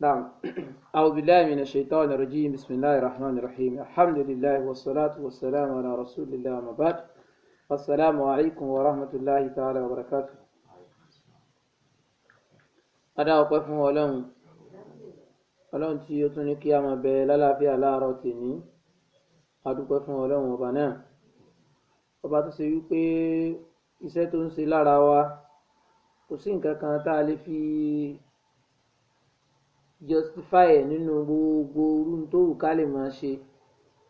نعم أعوذ بالله من الشيطان الرجيم بسم الله الرحمن الرحيم الحمد لله والصلاة والسلام على رسول الله وما بعد السلام عليكم ورحمة الله تعالى وبركاته أنا أقف ولم ọlọ́run tí ó tún ní kí a máa bẹ lálàáfíà láàárọ̀ tèmi a dúpẹ́ fún ọlọ́run ọba náà ọba tó ṣe wípé iṣẹ́ tó ń ṣe lára wa kò sí nǹkan kan tá a lè fi justify ẹ nínú gbogbo irú ohun tó wù ká lè máa ṣe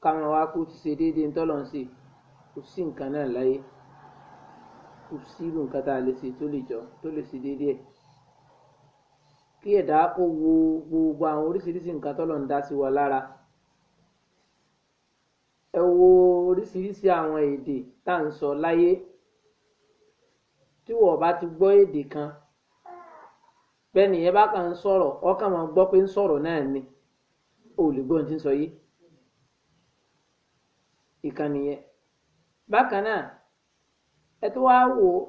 ká máa wá kó ti ṣe déédéé tọlọ́run ṣe kò sí nǹkan náà láyé kò sí irú nǹkan tá a lè ṣe tó lè jọ tó lè ṣe déédéé ẹ kí ẹ̀dá kó wo gbogbo àwọn oríṣiríṣi nǹkan tọlọ́run dá sí wa lára ẹ wo oríṣiríṣi àwọn èdè tá à ń sọ láyé tí wọn bá ti gbọ́ èdè kan bẹ́ẹ̀ni yẹn bá kàn ń sọ̀rọ̀ ọkàn máa gbọ́ pé ń sọ̀rọ̀ ni ò lè gbọ́n tí ń sọ yìí ìkànnì yẹn bákan náà ẹ tó wáá wò ó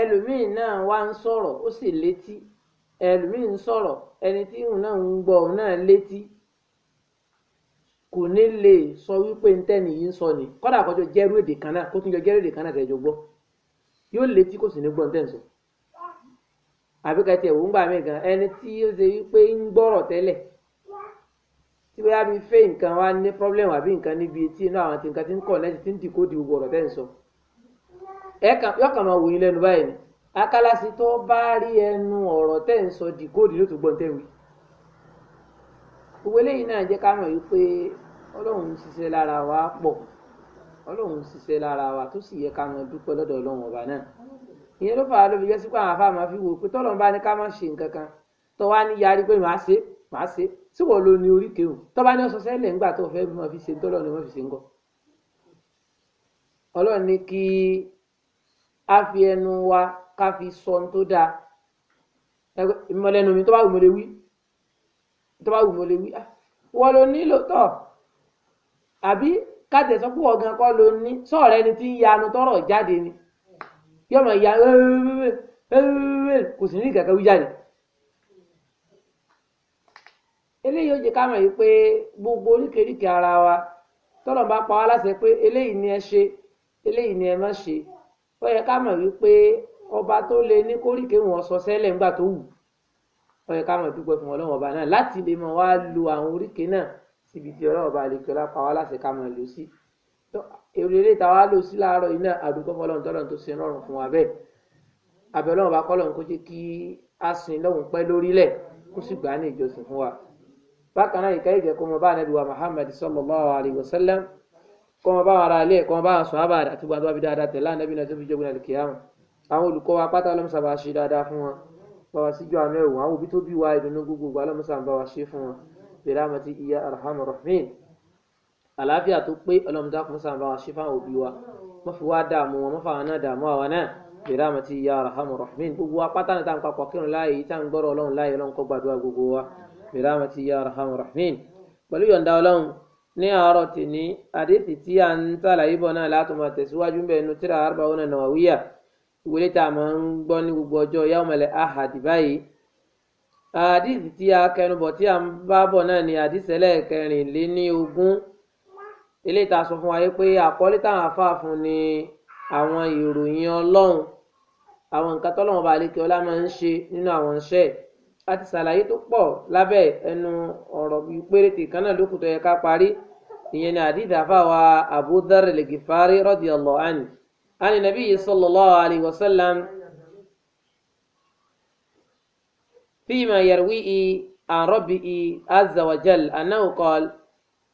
ẹlòmíì náà wá ń sọ̀rọ̀ ó sì létí ẹlòmíì ń sọ̀rọ̀ ẹni tí òun náà ń gbọ́ òun náà létí kò ní lè sọ wípé ń tẹ́ni ni kọ́dà kọjọ jẹ́rú èdè kan náà àbí kẹtì ẹ̀wò ń gbà mí gan ẹni tí ó ṣe wípé ń gbọ́rọ̀ tẹ́lẹ̀ tí bóyá bíi fẹ́ nǹkan wá ní pọ́blẹ́mù àbí nǹkan níbi etí inú àwọn tí nǹkan ti ń kọ̀ lẹ́sìn tí ń dìkó di gbogbo ọ̀rọ̀ tẹ́ ń sọ yọkàn máa wò yín lẹ́nu báyìí ni akálàsí tó bá rí ẹnu ọ̀rọ̀ tẹ́ ń sọ dìkó di ló tún gbọ́n tẹ́ wí gbogbo eléyìí náà jẹ́ ká mọ̀ wípé ọlọ́run ń ṣiṣẹ́ lára wa pọ̀ ọlọ́run ṣiṣẹ́ lára wa tó sì yẹ ká mọ dúpẹ́ lọ́dọ̀ ọlọ́run ọba náà ìyẹn ló fà á lóbi yẹsí pé àwọn afá máa fi wò pé tọ́lọ́ bá ní ká má ṣe nǹkan kan tó wá ní yarí pé màá ṣe màá ṣe tí wọ́n lo ní oríkèé o tó bá ní ọ̀sán sẹ́lẹ̀ ńgbà tó fẹ́ mọ̀ fi ṣe tọ́lọ́ ni wọ́n fi ṣe ń gọ́ ọlọ́run ní kí a fi ẹnu wa ká fi sọ ohun tó dáa ìmọ̀lẹ́nu mi tó bá wù mo wí tó bá wù mo wí ah, wọ́n lo nílò tọ̀ àbí ká tẹ̀sán púpọ̀ gan kọ́ lo ní sọ̀rọ̀ ẹni tí ń yanu tọ́rọ̀ jáde ni yóò máa ya kò sì ní kankan wí jáde. eléyìí ó jẹ ká mọ̀ yìí pé gbogbo oríkèéríkèé ara wa tọ́lọ̀ bá pa wá láṣẹ pé eléyìí ni ẹ ṣe eléyìí ni ẹ má ṣe ó yẹ ká mọ̀ wípé ọba tó lè ní kóríkèé wọn sọ sẹ́lẹ̀ ńgbà tó wù ó yẹ ká mọ̀ dúpẹ́ fún ọlọ́run ọba náà láti lè mọ̀ wá lo àwọn oríkèé náà síbi tí ọlọ́run ọba àlejò lápá wá láṣẹ ká mọ̀ lò sí èrè eré táwa lò sí láàárọ̀ iná àdúgbò fọlọ́run tọ́lọ́run tó ṣe rọrùn fún wa bẹ́ẹ̀ àbẹ̀ ọlọ́run bá kọ́lọ́run kó jẹ́ kí a sìn lọ́hùn pẹ́ lórílẹ̀ kó sì gbà á ní ìjọsìn fún wa. bákan náà ìka ìjẹ́ kó mọ bá anabi wa muhammad sallallahu alayhi wa sallam kó mọ bá wa ara ilé kó mọ bá wa sọ àbá àti gbogbo àti dáadáa tẹ̀lé anabi náà tó fi jogun àti kìyàmù àwọn olùkọ́ wa pátá ọlọ́mùsà bá ṣe dáadáa fún wọn bá síjú àánú ẹ̀wọ̀n àwọn òbí tó bí wa ìdùnnú gbogbo ọlọ́mùsà bá wa ṣe fún wọn bẹ̀rẹ̀ àmọ́ ti iya arhamar àlàáfíà tó pé ọlọ́run dákun mọ́sá bá wa ṣe fáwọn òbí wa wọ́n fi wá dààmú wọn wọ́n fáwọn náà dààmú àwọn náà bèrè àmọ́ ti ya rahman rahman gbogbo wa pátá náà tá n papọ̀ kírun láàyè tá n gbọ́rọ̀ ọlọ́run láàyè ọlọ́run kó gbàdúrà gbogbo wa bèrè àmọ́ ti ya rahman rahman pẹ̀lú yọ̀ǹda ọlọ́run ní àárọ̀ tèmi àdéhìí tí a ń sàlàyé bọ̀ náà láti tẹ̀síwájú bẹ́ẹ̀ nu tíra Arba'una Nawawiyya ìwélé tá a máa ń gbọ́ ní gbogbo ọjọ́ Yawmal Ahad báyìí àdéhìí tí a kẹnubọ̀ tí a ń bá bọ̀ náà ni àdìsẹ́lẹ̀ kẹrìnléní eléyìí tá a sọ fún wa yé pé àkọlé táwọn afáà fún ni àwọn ìròyìn ọlọ́run àwọn nǹkan tọ́lọ́run bá lè kí ọlá máa ń ṣe nínú àwọn iṣẹ́ a ti ṣàlàyé tó pọ̀ lábẹ́ ẹnu ọ̀rọ̀ bíi péréte kan náà lókùtọ yẹ ká parí ìyẹn ni àdìdì àfàwà Abu Dharr al-Ghifari radiyallahu anhu ani nabiyyi sallallahu alayhi wa sallam fima yarwi'i an rabbihi azza wa jal annahu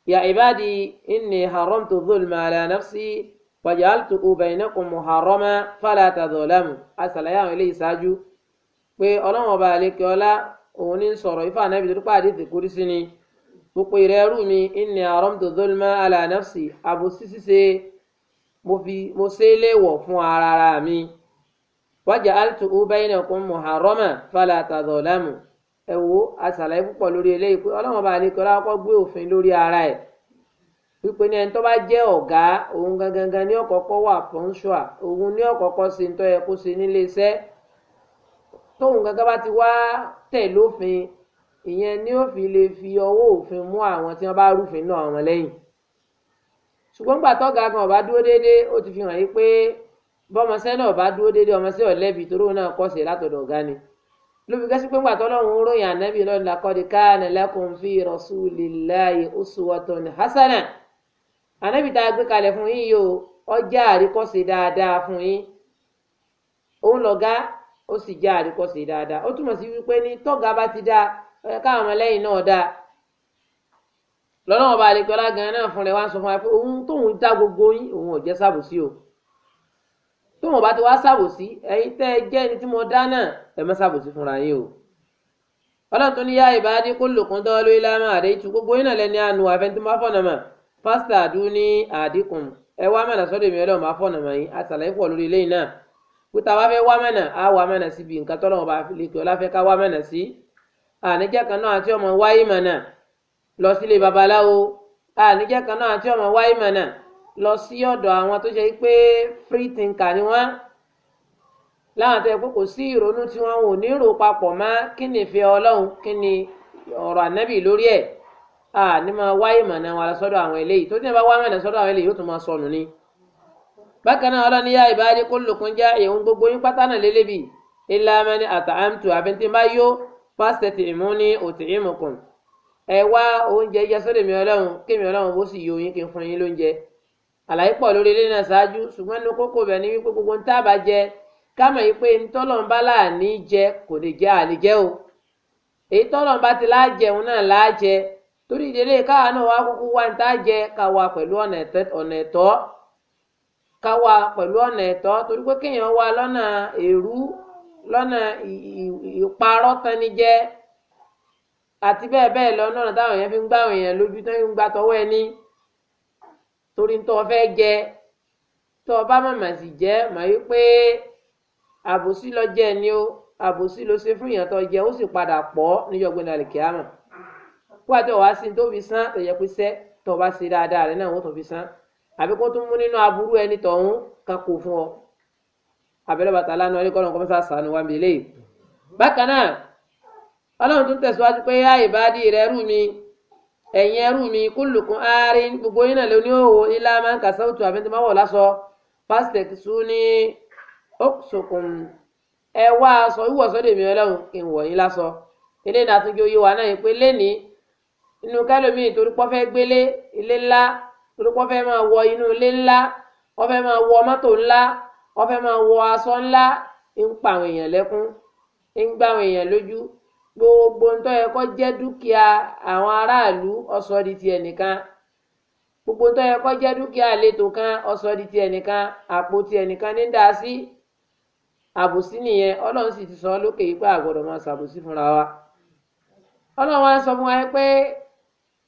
يا عبادي إني حرمت الظلم على نفسي وجعلته بينكم محرما فلا تظلموا asàlàyé ilé ìṣáájú pé ọlọ́run ọba àlekè ọlá òun ní sọ̀rọ̀ ifá anábì tó pàdé ti kúrí sí ni gbogbo ìrẹ́ ẹrú mi inni haramtu zulma ala nafsi àbòsí ṣíṣe mo ṣe é léèwọ̀ fún ara mi waja'altuhu bainakum muharrama fala tazalamu ẹ wo a ṣàlàyé púpọ̀ lórí eléyìí pé ọlọ́run ọba àlekọ lákọ gbé òfin lórí ara ẹ̀ wípé ní ẹni tó bá jẹ́ ọ̀gá òun gangan ní ọ̀kọ̀ọ̀kọ̀ wà fọ́nṣọ́à òun ní ọ̀kọ̀ọ̀kọ̀ sí tó yẹ kó ṣe nílé iṣẹ́ tóun gangan bá ti wá tẹ̀ lófin ìyẹn ni ó fi lè fi ọwọ́ òfin mú àwọn tí wọ́n bá rúfin náà wọn lẹ́yìn ṣùgbọ́n gbà tọ́gà gan ọba dúró déédéé ó ti fi hàn yí pé bọ́mọṣẹ́ náà bá dúró déédéé ọmọṣẹ́ ọ̀lẹ́bi torí òun náà kọ́ṣẹ́ látọ̀dọ̀ ọ̀gá ni ló fi gẹ́sí pé ńgbà tó lọ́run ròyìn ànábì lọ́dún laqad kana lakum fi rasulillahi uswatun hasana ànábì tá a gbé kalẹ̀ fún yín yìí o ọjà àríkọ́sí dáadáa fún yín òun lọ̀gá ó sì já àríkọ́sí dáadáa ó túmọ̀ sí wípé ní tọ́gà bá ti dáa káwọn ọmọlẹ́yìn náà dáa lọ́nà ọba àlejò ọlá gan-an náà fúnra wa sọ fún wa pé òun tóun dá gbogbo yín òun ò jẹ́ sábòsí o tó wọn bá ti wá ṣàbòsí ẹ̀yin tẹ́ ẹ jẹ́ ẹni tí mo dá náà ẹ má ṣàbòsí fúnra yín o ọlọ́run tó ní yá ìbáradí kó lòkun dán lórí lámà àdé tu gbogbo yín náà lẹ́ni àánú àfẹ́ntì má fọ̀nà mà pásítà àdú ní àdínkùn ẹ wá mọ̀nà sọ́dọ̀ èmi ọlọ́run má fọ̀nà mà yín àtàlẹ́ pọ̀ lórí eléyìí náà pété àwa fẹ́ wá mọ̀nà á wá mọ̀nà sí ibi nǹkan tọ́lọ́run bá lè kí ọlá fẹ́ ká wá mọ̀nà sí àníjẹ́ kan náà àti ọmọ wáyé mọ̀nà lọ sílé babaláwo àníjẹ́ kan náà àti ọmọ wáyé mọ̀nà lọ sí ọ̀dọ̀ àwọn tó ṣe pé free thinker ni wọ́n láwọn tó yẹ pé kò sí ìrònú tí wọn ò ní rò papọ̀ mọ́ kí ni ìfẹ́ ọlọ́run kí ni ọ̀rọ̀ ànábì lórí ẹ̀ à ní máa wáyé mọ̀nà wa lọ sọ́dọ̀ àwọn eléyìí tó ti bá wá mọ̀nà sọ́dọ̀ àwọn eléyìí yóò tún máa sọnù ni. bákan náà ọlọ́ni yá ìbáyé kó lòkun já èèhùn gbogbo yín pátá náà lélẹ́bì ilá mẹ́ni àtàǹtù àbẹ̀ntì bá yó pásítẹ̀tì ìmú ní òtì ìmùkùn ẹ wá oúnjẹ jẹ sọ́dọ̀ mi ọlọ́run kí mi ọlọ́run bó sì yó yín kí n fún yín lóúnjẹ àlàyé pọ̀ lórí ilé náà ṣáájú ṣùgbọ́n inú kókó bẹ̀ ni wípé gbogbo ń tá bá jẹ ká yìí pé ntọ́lọ́mbá láàní jẹ kò lè jẹ jẹ o èyí ti láàjẹun náà láàjẹ torí ìdílé káwa náà wá kúkú wá jẹ ká pẹ̀lú ọ̀nà ẹ̀tọ́ ká pẹ̀lú ọ̀nà ẹ̀tọ́ torí pé kéèyàn wá lọ́nà èrú lọ́nà ìparọ́ àti torí tó fẹ́ jẹ tó bá màmá sì jẹ mà wí pé àbòsí ló jẹ ni ó àbòsí ló ṣe fún ìyàn tó jẹ ó sì padà pọ̀ níjọgbìn náà lè kí á mọ wá tó wá sí tó fi san tó yẹ pé sẹ tó bá ṣe dáadáa rẹ náà wọn tó fi san àbí kó tún mú nínú aburú ẹni tọ̀hún kan kò fún ọ abẹ́rẹ́ bàtà lánàá ní kọ́nà kọ́mọ́sá sànù wà mí lẹ́yìn bákan náà ọlọ́run tún tẹ̀síwájú pé yá ìbádìí rẹ rú mi ẹ̀yin ẹrú mi kúlùkùn àárín gbogbo yín náà lé oníhòòhò ilá máa ń kà sáwùtù àbẹ́ntẹ́máwọ̀ lásọ pásítẹ̀ tún ní ọ̀ṣọ̀kùn ẹ wá aṣọ wíwọ̀ sọ́dọ̀ èmi ọlọ́run kì ń wọ̀ yín lásọ eléyìí náà tún jẹ́ oyé wa náà yìí pé lẹ́ni inú kálómìn torí fẹ́ gbélé ilé ńlá torí fẹ́ máa wọ inú ilé ńlá wọ́n fẹ́ máa wọ mọ́tò ńlá wọ́n fẹ́ máa wọ aṣọ ńlá ń pa àwọn èèyàn lẹ́kún ń gbá àwọn èèyàn lójú gbogbo ń tó yẹ kó jẹ dúkìá àwọn aráàlú ó sọ di ti ẹnìkan gbogbo ń tó yẹ kó jẹ dúkìá àlejò kan ó sọ di ti ẹnìkan àpò ti ẹnìkan ní dá sí àbòsí nìyẹn Ọlọ́run sì ti sọ ọ lókè yìí pé àgbọ́dọ̀ máa ṣàbòsí fúnra wa Ọlọ́run wa ń sọ fún wa pé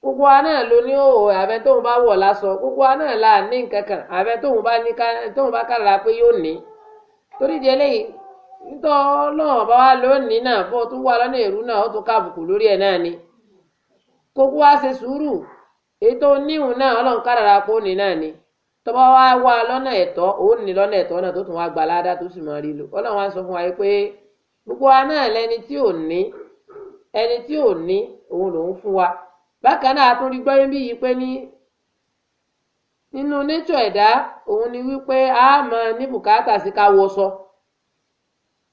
gbogbo wa náà ló ní òòrò àbẹ tóun bá wọ̀ lásọ gbogbo wa náà là ní nǹkan kan àbẹ tóun bá ní ká tóun bá kára pé yóò ní torí di eléyìí nítorí ọlọ́run bá wá lónìí náà bó tún wá lọ́nà na náà ó tún kábùkù lórí ẹ̀ náà ni kókó wá ṣe sùúrù ètò oníhùn náà ọlọ́run kárara pé ní náà ni wá wá lọ́nà ẹ̀tọ́ òun ní wa gbogbo wa náà lẹni tí ò ní ẹni tí ò ní òun lòún fún wa bákan náà tún rí nature ẹ̀dá òun ni wípé a máa ní bùkátà sí ká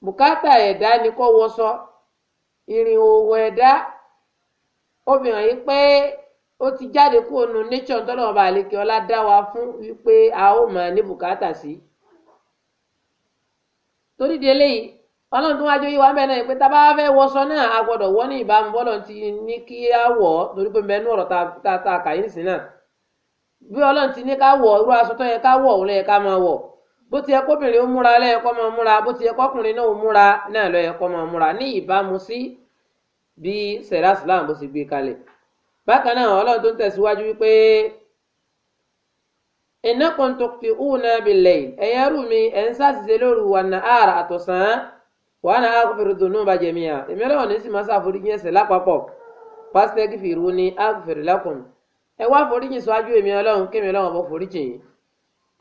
bukata ẹ̀dá ni kó wọṣọ ìrìn òwò ẹ̀dá obìnrin yìí pé ó ti jáde kúrò nù nature tọ́lọ́mọba àlekè ọlá dá wa fún wípé a ó máa ní bùkátà sí i torí di eléyìí ọlọ́run tó wá jó mẹ́rin náà pé tá a bá fẹ́ ìbámu bọ́lọ̀ ti ní kí torí pé mẹ́nu ọ̀rọ̀ náà bí ọlọ́run ti ní ká wọ̀ irú aṣọ tó bó ti yẹ kóbìnrin ó múra lẹ́yẹ kó máa múra bó ti yẹ kọkùnrin náà ó múra náà lọ́yẹ kó máa múra ní ìbámu sí bí sẹ̀rá islam bó ti gbé kalẹ̀ bákan náà ọlọ́run tó ń tẹ̀síwájú wípé innakum tukhti'una bil-layl ẹ̀yẹ rù mi ẹ̀ ń ṣàṣìṣe lóru wan-nahar àtọ̀sán wa ana aghfiru dhunuba jami'a èmi ọlọ́run ní sì máa ṣàforíjì ẹ̀ṣẹ̀ lápapọ̀ fastaghfiruni aghfir lakum ẹ wá foríjì síwájú èmi ọlọ́run kémi ọlọ́run bọ́ foríjì yìí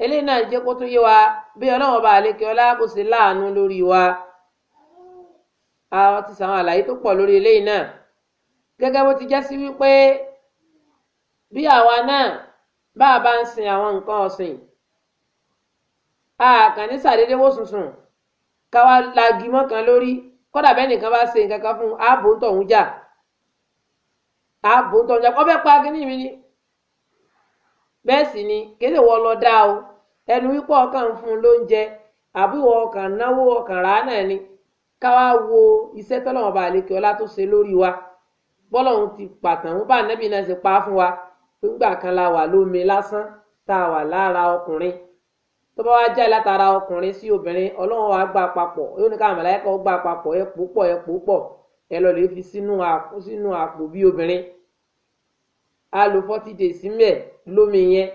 eléyìí náà jẹ́ kó tún yé wa bí ọlọ́run ọba àlekè ọlá kò sí láàánú lórí wa àwọn ti sàwọn àlàyé tó pọ̀ lórí eléyìí náà gẹ́gẹ́ bó ti já sí wípé bí àwa náà bá a bá ń sin àwọn nǹkan ọ̀sìn a kàn ní sàdédé wó sùnsùn ká wá lagi mọ́kan lórí kódà bẹ́ẹ̀ nìkan bá ṣe nǹkan kan fún un ààbò ń tọ̀hún jà ààbò ń tọ̀hún jà kọ́ pa kínní mi ni bẹ́ẹ̀ sì ni kéde í ṣe dá o ẹnu wípé ọkàn fún un lóúnjẹ àbí ìwọ ọkàn náwó ọkàn rà náà ni ká wá wo iṣẹ́ bá tó ṣe lórí wa bọ́lọ́hún ti pàtàn bá ànábì náà pa fún wa nígbà wà lómi lásán tá a wà lára ọkùnrin tó bá ọkùnrin sí obìnrin wa gbà yóò gbà ẹ ẹ ẹ lọ lè sínú àpò lómi yẹn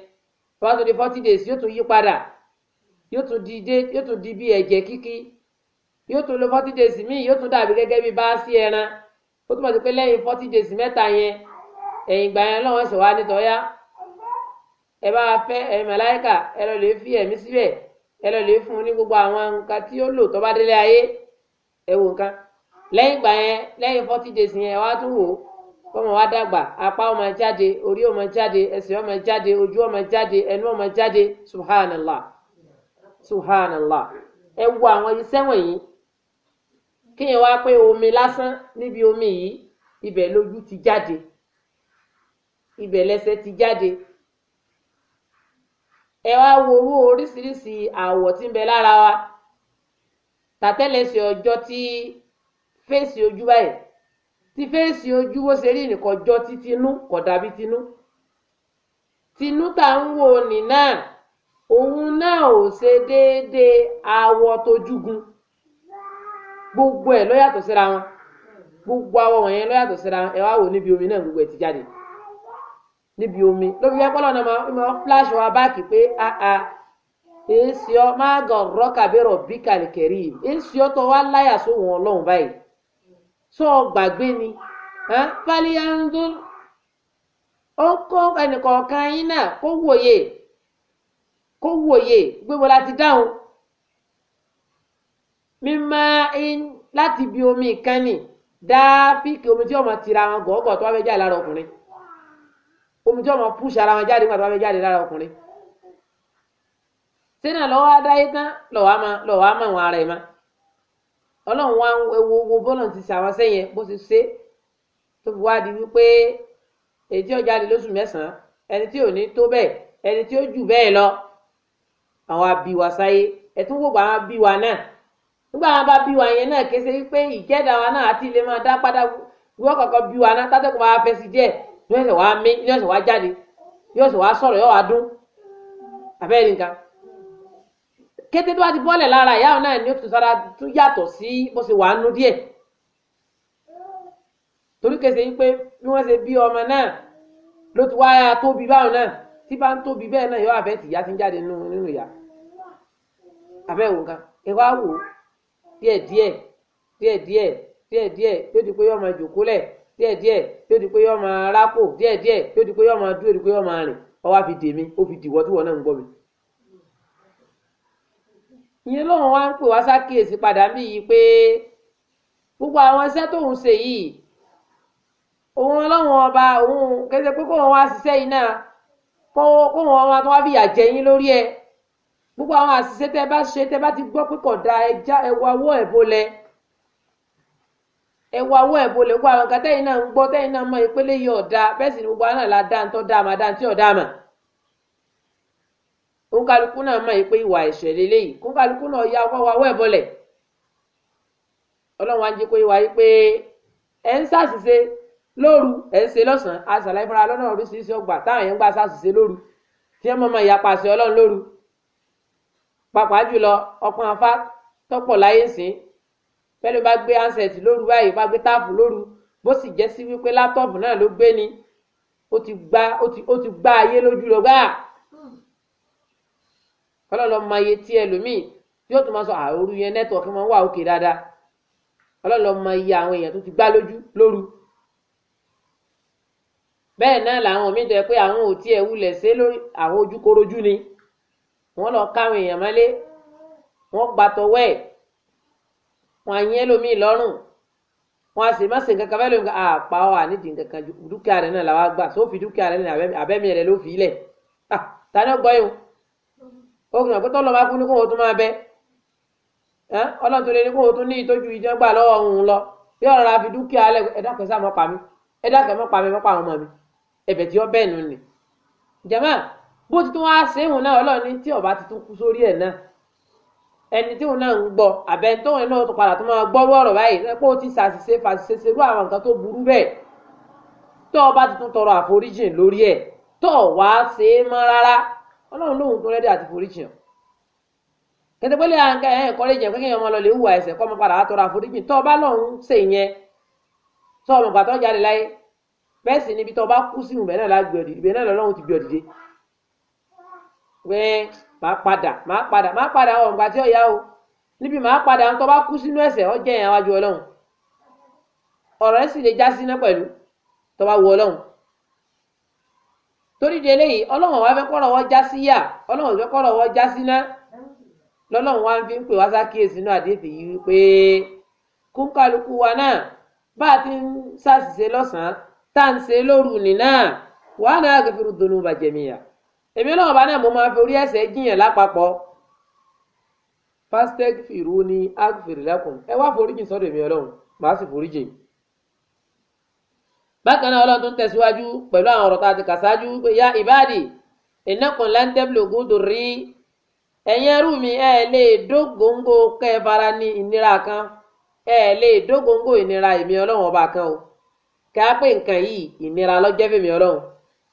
tó bá tó di forty days yóò tún yí padà yóò tún di dé yóò tún di bí ẹ̀jẹ̀ kíkí yóò tún lo forty days míì yóò tún dàbí gẹ́gẹ́ bí báásí ẹran ó túmọ̀ sí pé lẹ́yìn forty days mẹ́ta yẹn ẹ̀yìn ìgbà yẹn lọ́wọ́ ṣe wá nítọ́yá ẹ bá fẹ́ ẹ̀yìn màláìkà ẹ lọ lè fi ẹ̀mí síbẹ̀ ẹ lọ lè fún un ní gbogbo àwọn nǹkan tí ó lò tó ayé ẹ wò nǹkan lẹ́yìn ìgbà yẹn lẹ́yìn forty days yẹn wá tún wò ó kọ́mọ wa dàgbà apá ó máa jáde orí ó máa jáde ẹsẹ̀ ó máa jáde ojú ó máa jáde ẹnu ó máa jáde subhanallah subhanallah ẹ wo àwọn iṣẹ́ wọ̀nyí kéèyàn wá pé omi lásán níbi omi yìí ibẹ̀ lójú ti jáde ibẹ̀ lẹ́sẹ̀ ti jáde ẹ wá wo orú oríṣiríṣi àwọ̀ tí ń bẹ lára wa tàtẹ́lẹsẹ̀ ọjọ́ tí fèsì ojú báyìí ti fèsì ojú bó ṣe rí nìkan jọ ti tinú kò dàbí tinú tinú tá ń wò ní náà òun náà ò ṣe déédéé awọ tójúgun gbogbo ẹ̀ ló yàtọ̀ síra wọn gbogbo awọ wọ̀nyẹn ló yàtọ̀ síra wọn ẹ wá wò níbi omi náà gbogbo ẹ̀ ti jáde níbi omi ló fi ẹpọlọ náà máa flash wa báàkì pé aa èsì ọ máa gàn rọkàbẹrọ bíkàlì kẹrì èsì ọ tó wá láyà sóhun Ọlọ́run báyìí sọ gbàgbé ni fàlíyàndó ó kó ẹnìkọ̀ọ̀kan yín náà kó wòye kó wòye gbébo láti dáhùn mímọ láti bi omi ìkànnì dá píkì omi tí ọmọ tira wọn gọ̀ọ́gọ̀ tó wá fẹ́ jáde lára ọkùnrin omi tí ọmọ púṣà ara wọn jáde nígbà tó wá fẹ́ jáde lára ọkùnrin sínú àlọ́wọ́ adáyé tán lọ́wọ́ á mọ̀ wọn ara ẹ̀ máa ọlọ́run wá wo wo bọ́ọ̀lù ti ṣe àwọn sẹ́yìn bó ti ṣe tó fi wá di wípé èyí tí ó jáde lóṣù mẹ́sàn-án ẹni tí ò ní tó bẹ́ẹ̀ ẹni tí ó jù bẹ́ẹ̀ lọ àwọn abiwa sáyé ẹ̀tún wò bá wọn abiwa náà nígbà wọn bá biwa yẹn náà kése wípé ìjẹ́dá wa náà àti ilé máa dá padà wíwọ́ kankan biwa náà tátẹ́kùn máa fẹ́ sí díẹ̀ yóò ṣe wá mí yóò ṣe wá jáde yóò ṣe wá sọ̀rọ̀ yóò wá dún abẹ́rẹ́ nǹkan kété tó bá ti bọ́lẹ̀ lára ìyá ni ó ti sára tún yàtọ̀ sí bó ṣe díẹ̀ torí kẹsẹ̀ yìí pé bí wọ́n ṣe bí ọmọ náà ló ti wá tóbi báwọn náà tí bá ń tóbi bẹ́ẹ̀ náà yóò àfẹ́ tìyá ti ń jáde nínú ìyá àbẹ́wò kan ẹ wá wò díẹ̀díẹ̀ díẹ̀díẹ̀ díẹ̀díẹ̀ yóò di pé yóò máa jòkó lẹ̀ yóò di pé yóò máa rákò díẹ̀díẹ̀ yóò di pé yóò máa dúró di pé yóò máa rìn ọwọ́ àfi dèmi ó fi dìwọ́ tí wọ́n ìyẹn lòun wá ń pè wá sákìyèsí padà ń bí yìí pé gbogbo àwọn iṣẹ́ tóun ṣe yìí òun ọlọ́run ọba òun kẹsẹ̀ pé kóun wá ṣiṣẹ́ yìí náà kóun ọmọ tó wá fìyà jẹ yín lórí ẹ̀ gbogbo àwọn àṣìṣe tẹ bá ṣe tẹ bá ti gbọ́ pé kódà ẹja ẹwà owó ẹ̀ bolẹ̀ ẹwà owó ẹ̀ bolẹ̀ gbogbo àwọn nǹkan tẹ́yìn náà ń gbọ́ tẹ́yìn náà mọ ìpele yìí ọ̀dà bẹ́ẹ̀ sì ni gbogbo àwọn náà la dá ń tọ́ dá kóńkálukú náà mọ̀ pé ìwà ẹ̀ṣẹ̀ lélẹ́yìí kóńkálukú náà ya ọwọ́ wa wẹ̀ bọ́lẹ̀ ọlọ́run á jẹ́ kó wá yí pé ẹ̀ ń ṣàṣìṣe lóru ẹ̀ ń ṣe lọ́sàn-án a ṣàlàyé fúnra lọ́nà oríṣiríṣi ọgbà táwọn yẹn ń gbà ṣàṣìṣe lóru tí wọ́n mọ̀ mọ̀ ìyapa àṣẹ ọlọ́run lóru pàápàá jùlọ ọpọ́n afá tọ́pọ̀ láyé sìn pẹ́lú bá gbé handset lóru báyìí bá gbé táàpù lóru bó sì jẹ́ sí wípé látọ́ọ̀bù náà ló gbé ni ó ti gbá ayé lójú lọ gbáà ọlọ́lọ́ máa yẹ tí ẹlòmíì yóò tún máa sọ àròrú yẹn nẹ́tọ̀ọ̀kì máa ń wà òkè dáadáa ọlọ́lọ́ máa yẹ àwọn èèyàn tó ti gbá lójú lóru bẹ́ẹ̀ náà làwọn míì tẹ́ pé àwọn ò tiẹ̀ wulẹ̀ ṣe lórí àwọn ojúkorojú ni wọ́n lọ káwọn èèyàn mọ́lé wọ́n gbàtọ̀wẹ́ wọn á yẹn lómi lọ́rùn wọn a sì má ṣe nǹkan kan fẹ́ lómi kan àpá ọ ànídìí nǹkan kan dúkìá rẹ̀ náà làwọn gbà sófin dúkìá rẹ̀ náà àbẹ́mi rẹ̀ ló fi í lẹ̀ tani ọgbọ́n yìí o ó kàn pé tọ́lọ́ máa fún ní kó wọn tún máa bẹ ọlọ́run tó lè ní kó wọn tún ní ìtọ́jú ìjọba lọ́wọ́ òun lọ bí ọ̀rọ̀ ra fi dúkìá alẹ́ ẹ̀dá kẹsà mọ́ pa mí ẹ̀dá kẹsà mọ́ pa mí mọ́ pa àwọn ọmọ mi ẹ̀bẹ̀ tí ó bẹ́ẹ̀ nù ni. jama bó ti tún wá séhùn náà ọlọ́run ní tí ọba ti tún kú sórí ẹ̀ náà ẹni tí òun náà ń gbọ́ àbẹ tóun náà tó padà tó máa gbọ́rú ọ̀rọ̀ báyìí pé ó ti ṣàṣìṣe fàṣìṣe ṣerú àwọn nǹkan tó burú bẹ́ẹ̀ tó ọba ti tún tọrọ àforíjìn é mọ́ ọlọ́run lóhùn tó rẹ́dí àti foríjì hàn kẹtẹpẹlẹ àǹkà ẹ ẹkọ lẹjẹ pé kéèyàn máa lọ lè hùwà ẹ̀ṣẹ̀ kọ ọmọ padà wà tọrọ àforíjì tọ ọba lọhùn ṣe yẹn tọ ọmọ gbàtọ jáde láyé bẹ́ẹ̀ sì níbi tọ ọba kú sí ìbẹ náà lágbè ọdìdì ìbẹ náà lọ́lọ́run ti gbè ọdìdì pé máa padà máa padà máa padà ọmọ gbà tí ọyá o níbi máa padà tọ ọba kú sínú ẹ̀ṣẹ̀ ọjẹ yẹn wájú Ọlọ́run ọ̀rọ̀ ẹ sì lè já síná pẹ̀lú tọ ọba wù torí de eléyìí ọlọ́run wa fẹ́ kọ́rọ̀ já sí yà ọlọ́run fẹ́ kọ́rọ̀ wọ́n já sí náà lọ́lọ́run wa fi ń pè wá sákìyèsí àdéhùn yìí wípé kúńkàlùkù wa náà bá a ti ń ṣàṣìṣe lọ́sàn-án tá à ń ṣe lóru nì náà wàá náà dunu èmi náà bá náà mo máa bákan náà ọlọ́run tún tẹ̀síwájú pẹ̀lú àwọn ọ̀rọ̀ tá a ti kà sáájú pé ya ìbáàdì ìnákùn láńtẹ́bìlì ògùn dòrí ẹ̀yin ẹrú mi ẹ lè dógóńgó kẹ́ ẹ fara ní ìnira kan ẹ lè dógóńgó ìnira èmi ọlọ́run ọba kan o kẹ́ á pé nǹkan yìí ìnira lọ́jẹ́ fèmí ọlọ́run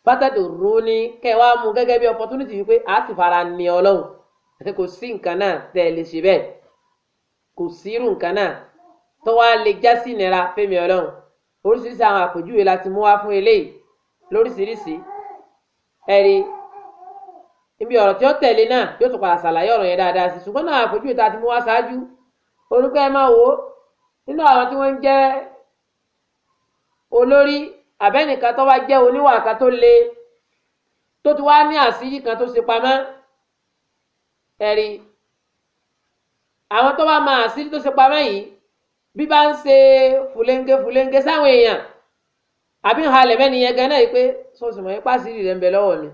pátádò rú ni kẹ́ wá mú gẹ́gẹ́ bí opportunity wípé a sì fara ní ọlọ́run kò sí nǹkan náà tẹ́ ẹ lè ṣe bẹ́ẹ̀ kò sírù nǹkan náà tó wá lè já sí ìnira fèmí ọlọ́run oríṣiríṣi àwọn àpèjúwe la ti mú wá fún eléyìí lóríṣiríṣi ẹ̀rí níbi ọ̀rọ̀ tí ó tẹ̀lé náà yóò tún padà ṣàlàyé ọ̀rọ̀ yẹn dáadáa sí ṣùgbọ́n náà àpèjúwe tá a ti mú wá ṣáájú orúkọ ẹ máa wò ó nínú àwọn tí wọ́n ń jẹ́ olórí àbẹ́nìkan tó wá jẹ́ oníwà tó le tó ti wá ní àṣírí kan tó ṣe pamọ́ ẹ̀rí àwọn tó wá máa àṣírí tó ṣe pamọ́ yìí bí bá ń ṣe fúlẹ́ńgé fúlẹ́ńgé sáwọn èèyàn àbí ń halẹ̀ mẹ́ni yẹn gan náà yìí pé sọ́ọ̀sì mọ̀ ẹ́ pàṣírí rẹ̀ ń bẹ lọ́wọ́ mi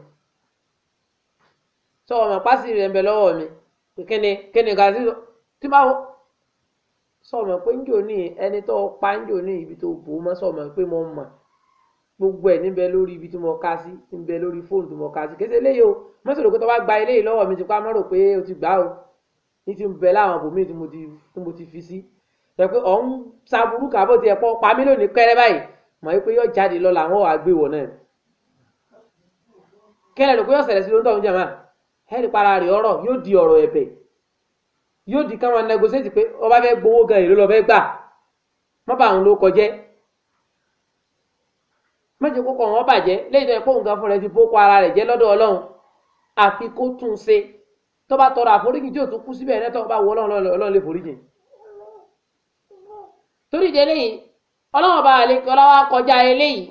sọ́ọ̀ mọ̀ pàṣírí rẹ̀ ń bẹ lọ́wọ́ mi kíni kíni kan sí tí bá wọ sọ̀mọ̀ pé njò ní ẹni tó pa njò ní ibi tó bò ó mọ́ sọ̀mọ̀ pé mo mọ̀ gbogbo ẹ̀ níbẹ̀ lórí ibi tí mo ka sí níbẹ̀ lórí fóònù tí mo ka sí kése eléyìí o mọ́tò lóko tó bá gba eléyìí lọ́wọ́ mi ti pa mọ́rò pé o ti gbà o ní ti ń bẹ láwọn bòmíì tí mo ti fi sí sọ pé ọ̀ ń sa burúkú àbọ̀ tiẹ̀ pọ̀ pa mí lónìí kẹ́rẹ́ báyìí mọ̀ wípé yóò jáde lọ làwọn wà gbé náà kẹ́lẹ́ ló yóò ṣẹlẹ̀ sí lóńtọ̀ ọ̀hún jẹ̀má ẹ̀rí para rẹ̀ ọ̀rọ̀ yóò di ọ̀rọ̀ ẹ̀bẹ̀ yóò di káwọn negotiate pé ọba fẹ́ gbowó gan èrè ló fẹ́ gbà má bàa òun ló kọjẹ́ méje kókò wọn bàjẹ́ lẹ́yìn tó yẹ kó nǹkan fún rẹ ti fọ́kọ ara rẹ̀ jẹ́ lọ́dọ̀ ọlọ́run àfi kó tún un ṣe tó tọrọ àforíjì tí ò tún kú síbẹ̀ ẹ̀ náà bá wọ ọlọ́run ọlọ́run lè foríjì torí ìdí eléyìí ọlọ́wọ́n bá àlè kọ́lá wa kọjá eléyìí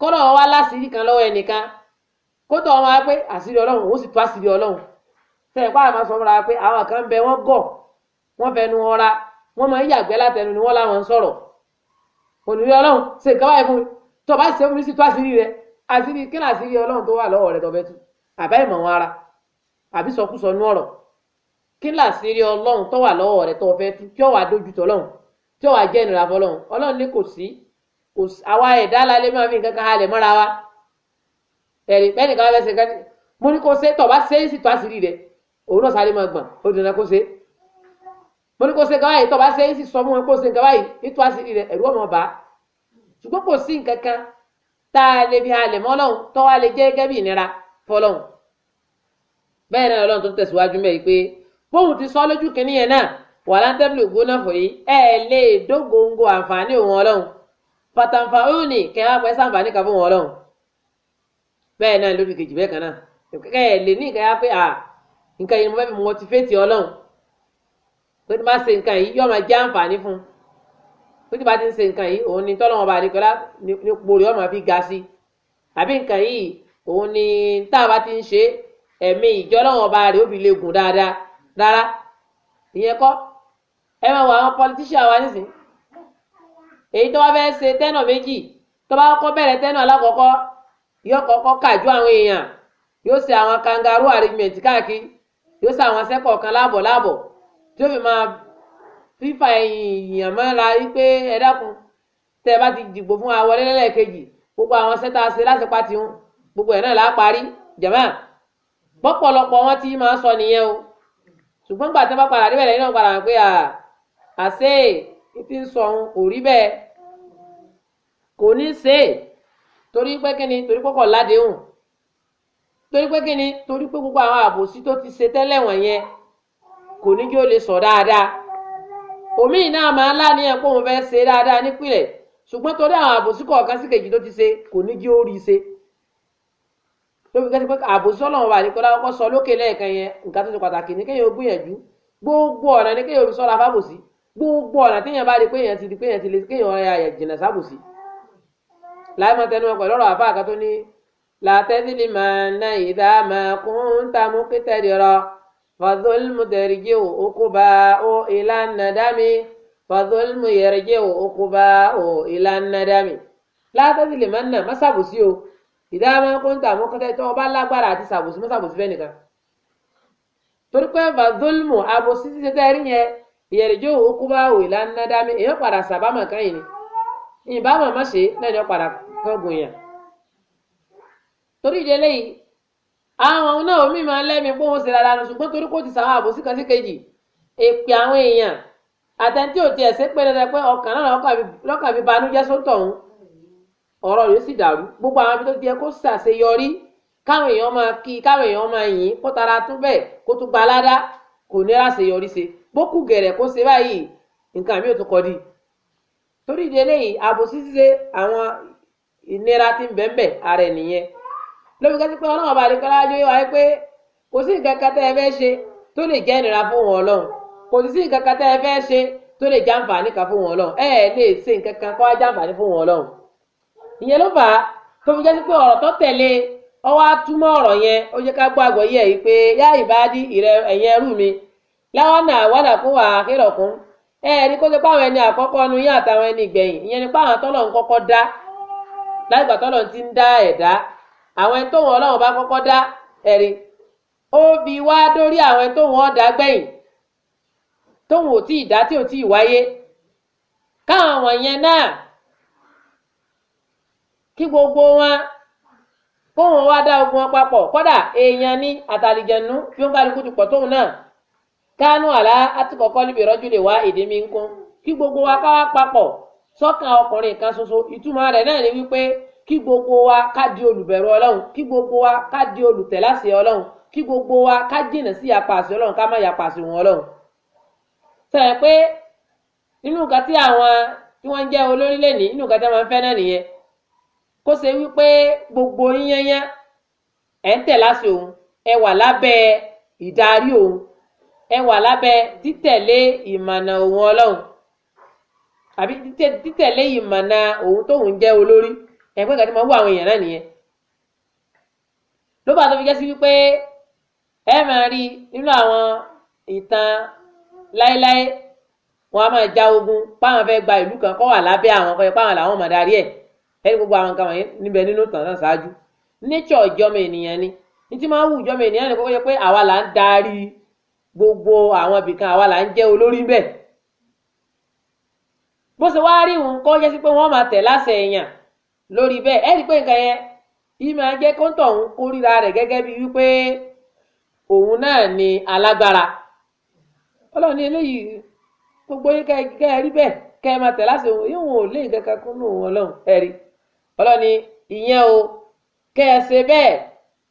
kọ́lọ́ wa láṣìírí kan lọ́wọ́ ẹnìkan kó tó ọmọ wa pé àṣírí ọlọ́run ó sì tú àṣírí ọlọ́run sẹ́yìn pààrọ̀ máa sọ fúnra pé àwọn kan bẹ wọ́n gọ̀ wọ́n fẹnu ọra wọ́n máa ń yàgbẹ́ látẹnu ni wọ́n láwọn ń sọ̀rọ̀ ònìrí ọlọ́run ṣe nǹkan báyìí fún mi tó o bá ṣe fún mi sí tú àṣírí rẹ àṣírí kí ni àṣírí ọlọ́run tó wà lọ́wọ́ rẹ tó fẹ́ àbá ìmọ̀ wọn ara àbí sọkúsọ nú ọ̀rọ̀ kí ni àṣírí ọlọ́run tó wà lọ́wọ́ rẹ tó fẹ́ kí ọ wàá dójú tọ́lọ́run tí wàá jẹ́ ìnira fọlọ́run ọlọ́run ní kò sí kò sí àwa ẹ̀dá lálẹ́ máa fi nǹkan kan halẹ̀ mọ́ra wa ẹ̀rí bẹ́ẹ̀ nìkan fẹ́ ṣe kan mo ní kó ṣe tọ̀ bá ṣe é sì tó àṣírí rẹ̀ òun náà sáré máa gbọ̀n ó dènà kó ṣe mo ní kó ṣe nǹkan báyìí tọ̀ bá ṣe é sì sọ fún wọn kó ṣe nǹkan báyìí ètò àṣírí rẹ̀ ẹ̀rú ọmọ bá ṣùgbọ́n kò sí nǹkan kan tá a lè fi halẹ̀ mọ́ ọlọ́run tó wá lè jẹ́ gẹ́gẹ́ bí ìnira fọlọ́run wàhálà tẹ́bílì ògbóná fòye ẹ lè dógóńgó àǹfààní òun ọlọ́run pàtàǹfà òní kẹ wá pẹ́ sàǹfààní kan fún òun ọlọ́run bẹ́ẹ̀ náà lórí kejì bẹ́ẹ̀ kan náà kẹ ẹ lè ní ìkẹyà pé à nǹkan yìí mo fẹ́ fi mọ ti fẹ́ẹ̀tì ọlọ́run pé tí bá ṣe nǹkan yìí yóò máa jẹ́ àǹfààní fún pé tí bá ti ń ṣe nǹkan yìí òun ni tọ́lọ́wọ́n bá àdékọ́lá ní porí ọmọ fi ga sí àbí nǹkan yìí òun ni tá a bá ti ń ṣe ẹ̀mí ìjọ́lọ́wọ́n bá rè ó fi lè gùn dáadáa rárá ìyẹn kọ́ ẹ máa wọ àwọn politician wa nísìnyí èyí tó wá fẹ́ ṣe tẹ́nà méjì tó bá kọ́kọ́ bẹ̀rẹ̀ tẹ́nà alákọ̀ọ́kọ́ yóò kọ́kọ́ kàjú àwọn èèyàn yóò ṣe àwọn kangaroo arrangement káàkiri yóò ṣe àwọn kan láàbọ̀ láàbọ̀ tí ó fi máa fífa èèyàn mọ́ra wípé ẹ dákun tẹ́ ẹ bá ti dìbò fún wa wọlé lẹ́lẹ́kejì gbogbo àwọn sẹ́ta ṣe láti pa tiwọn gbogbo náà parí jàmá wọn ti máa sọ nìyẹn o ṣùgbọ́n gbà bá padà padà àṣé ti ń sọ ohun kò rí bẹ́ẹ̀ kò ní ṣe é torí pé kíni torí pé ládéhùn torí pé gbogbo àwọn àbòsí tó ti ṣe tẹ́lẹ̀ wọ̀nyẹn kò ní kí ó lè sọ dáadáa òmíì náà máa ń láníyàn pé òun fẹ́ ṣe dáadáa nípìnlẹ̀ ṣùgbọ́n torí àwọn àbòsí kọ̀ọ̀kan sí kejì tó ti ṣe kò ní kí ó rí ṣe lóbi kẹ́sí pé àbòsí ọlọ́run wà sọ lókè lẹ́ẹ̀kan yẹn nǹkan tó pàtàkì ní gbogbo gbogbo ọ̀nà téèyàn bá rí pé èèyàn ti rí pé èèyàn ti lè kéèyàn ọ̀rẹ́ ayẹ̀ jìnnà sábòsí láì máa tẹnu ọpẹ lọ́rọ̀ àfa àkàtó ní làtẹ́sílì máa ná ìdá máa kún tá a mú kété rírọ fàdúl mùtẹ̀rìjì òkúba ó ìlànà dámi fàdúl mùyẹ̀rìjì òkúba ó ìlànà dámi látẹ́sílì máa ná má sábòsí o ìdá máa kún tá a mú kété tó o bá lágbára àti sábòsí má sábòsí fẹ́ nìkan torí pé fàdúl àbòsí ti ṣe tẹ́ yẹn ìyẹ̀rìjó òkú bá wè lánàdámi èèyàn padà sàbámọ̀ kan yìí ni ìbámọ̀ má ṣe lẹ́yìn padà kan gùn yàn. torí ìdí eléyìí àwọn náà omi máa lẹ́mi pé wọ́n ṣe dáadáa nù ṣùgbọ́n torí kò ti sàwọn àbòsí kan sí kejì èpè àwọn èèyàn àtẹ̀ntí ò tiẹ̀ sépè dandan pé ọkàn náà lọ́kàn fi banújẹ́ sóńtọ̀ ọ̀hún ọ̀rọ̀ rẹ̀ sì dàrú gbogbo àwọn abitó tiẹ̀ kó ṣàṣeyọrí káwọn èèyàn máa kí káwọn èèyàn máa yìn kó tara tún bẹ́ẹ̀ kó tún gbalada kò ní láṣeyọrí ṣe bókù gẹ̀rẹ̀ kó ṣe báyìí nǹkan mi ò tún kọ́ di torí ìdí eléyìí àbòsí ṣe àwọn ìnira tí ń bẹ́ẹ̀ ara ẹ̀ nìyẹn lóbi kẹ́sí pé ọlọ́run ọba àdìkọ́lá ajọ́ yóò wáyé pé kò sí nǹkan kan tẹ́ ẹ fẹ́ ṣe tó lè jẹ́ ìnira fún wọn ọlọ́run kò sí nǹkan kan tẹ́ ẹ fẹ́ ṣe tó lè jàǹfààní kan fún wọn ọlọ́run ẹ ẹ lè ṣe nǹkan kan kó jàǹfààní fún wọn ọlọ́run ìyẹn ló fà á tó fi kẹ́sí pé ọ̀rọ̀ tó tẹ̀lé ọwọ́ á túmọ̀ ọ̀rọ̀ yẹn ó jẹ́ ká gbọ́ àgbọ̀ yìí pé yá ìbádí ìrẹ ẹ̀yẹn ẹrú mi láwọn náà wádà fún wa kérò kún ẹ ẹni kó ṣe páwọn ẹni àkọ́kọ́ nu yín àtàwọn ẹni ìgbẹ̀yìn ìyẹn ni páwọn tọlọ ń kọ́kọ́ dá láìgbà tọlọ ti ń dá ẹ̀dá àwọn ẹni tóun Ọlọ́run bá kọ́kọ́ dá ẹrí ó bi wá dórí àwọn ẹni tóun ọdà gbẹ̀yìn tóun ò tí ì dá tí ò tí ì wáyé káwọn wọ̀nyẹn náà kí gbogbo wọn kóun wá dá ogun wọn papọ̀ kódà èèyàn ní àtàlìjẹnu bí wọn bá rí kútu pọ̀ tóun náà kánú àlá àtìkọkọ níbi ìrọjú lè wá èdè mi ń kún kí gbogbo wa ká wá papọ̀ sọ́kàn ọkùnrin kan ṣoṣo ìtumọ̀ rẹ̀ náà ni wípé kí gbogbo wa ká di olùbẹ̀rù Ọlọ́run kí gbogbo wa ká di olùtẹ̀láṣẹ Ọlọ́run kí gbogbo wa ká jìnà sí apàṣẹ Ọlọ́run ká má yapàṣẹ wọn Ọlọ́run. sọ̀rọ̀ pé nínú nǹkan tí àwọn tí wọ́n ń jẹ́ olórí lè ní nínú nǹkan tí wọ́n fẹ́ náà nìyẹn kó ṣe wípé gbogbo yín ẹ̀ ń tẹ̀láṣẹ òun ẹ wà lábẹ́ ìdarí òun ẹ wà lábẹ́ títẹ̀lé ìmọ̀nà òun ọlọ́run àbí títẹ̀lé ìmọ̀nà òun tóun jẹ́ olórí ẹ̀pẹ́ kan tí mo wọ àwọn èèyàn náà nìyẹn ló bá tó fi jẹ́ sí wípé ẹ máa rí nínú àwọn ìtàn láéláé wọn a máa ja ogun páwọn fẹ́ gba ìlú kan kọ́ wà lábẹ́ àwọn kọ́ páwọn làwọn mọ̀ darí ẹ̀ ẹni gbogbo àwọn nǹkan wọ̀nyí níbẹ̀ nínú ìtàn náà ṣáájú nature ìjọmọ ènìyàn ni ní tí máa ń wù ìjọmọ ènìyàn ni kókó yẹ pé àwa là ń darí gbogbo àwọn ibìkan àwa là ń jẹ́ olórí bẹ́ẹ̀ bó ṣe wáá rí nǹkan jẹ́ sí pé wọ́n máa tẹ̀ láṣẹ èèyàn lórí bẹ́ẹ̀ ẹ́ rí i pé nǹkan yẹn yìí máa jẹ́ kóńtọ̀ òun kórìíra rẹ̀ gẹ́gẹ́ bíi wípé òun náà ni alágbára ọlọ́run ní eléyìí gbogbo yín kẹ́ ẹ rí bẹ́ẹ̀ kẹ́ ẹ máa tẹ̀ láṣẹ òun yóò wọ́n ò lé nǹkan kan kúnnú ọlọ́run ẹ rí ọlọ́run ní ìyẹn o kẹ́ ẹ ṣe bẹ́ẹ̀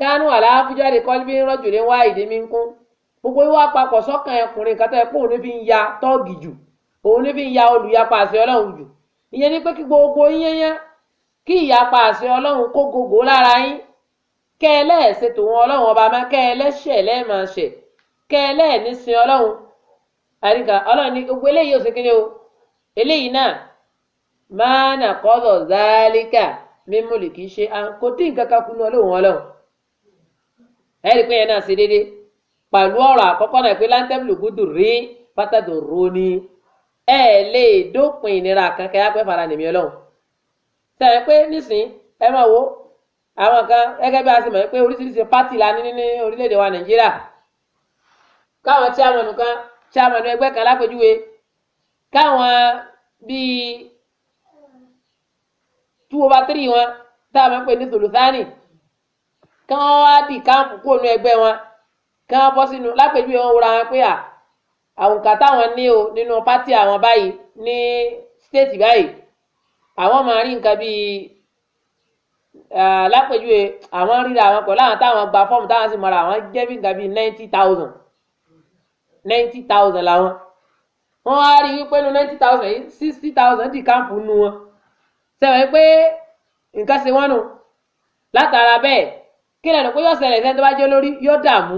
kánú àlàáfíjáde kọ́líbí rọ́jùlé wá ìdí mi ń kún gbogbo wíwá papọ̀ sọ́kàn ẹkùnrin kan tẹ́ pé òun fi ń ya tọ́ọ̀gì jù òun fi ń ya olùyapa àṣẹ ọlọ́run jù ìyẹn ni pé kí gbogbo yín yẹn kí ìyapa àṣẹ ọlọ́run kó gogò lára yín ẹ lẹ́ẹ̀ṣẹ̀ tòun ọlọ́run ọba má kẹ́ ẹ lẹ́ṣẹ̀ lẹ́ẹ̀máa ṣẹ̀ kẹ́ ẹ ò sí o eléyìí náà máa nà kọ́ ọ̀dọ̀ ẹ rí i pé yẹn náà ṣe déédéé pẹ̀lú ọ̀rọ̀ àkọ́kọ́ náà pé láńtẹ́bùlù gúdù rí pátádò ro ni ẹ lè dópin ìnira kankan yá pé fara nìmi ọlọ́run sẹ́yìn pé nísìn ẹ máa wo àwọn kan gẹ́gẹ́ bí a ṣe mọ̀ pé oríṣiríṣi pátì la ní ní orílẹ̀-èdè wa nàìjíríà káwọn chairman kan chairman ẹgbẹ́ kan lápèjúwe káwọn bíi two over three wọn tá a máa ń pè ní tòlùsánì kí wọ́n wá dì káàmù kúrò ní ẹgbẹ́ wọn kí wọ́n bọ́ sínú lápèjúwe wọn wúra wọn pé à àwùkà táwọn ní o nínú pátì àwọn báyìí ní stéètì báyìí àwọn máa rí nǹkan bíi lápèjúwe àwọn ríra àwọn pẹ̀lú àwọn táwọn gba fọ́ọ̀mù táwọn sì mọ̀ra àwọn jẹ́ bí nǹkan bíi ninety thousand ninety thousand làwọn wọn wá rí wípé nu ninety thousand yìí sixty thousand dì káàmpù nu wọn sẹ́wọ̀n pé nǹkan ṣe wọ́n nù látara bẹ́ẹ̀ kí lẹ́nu pé yóò ṣẹlẹ̀ sẹ́ni tó bá jẹ́ lórí yóò dààmú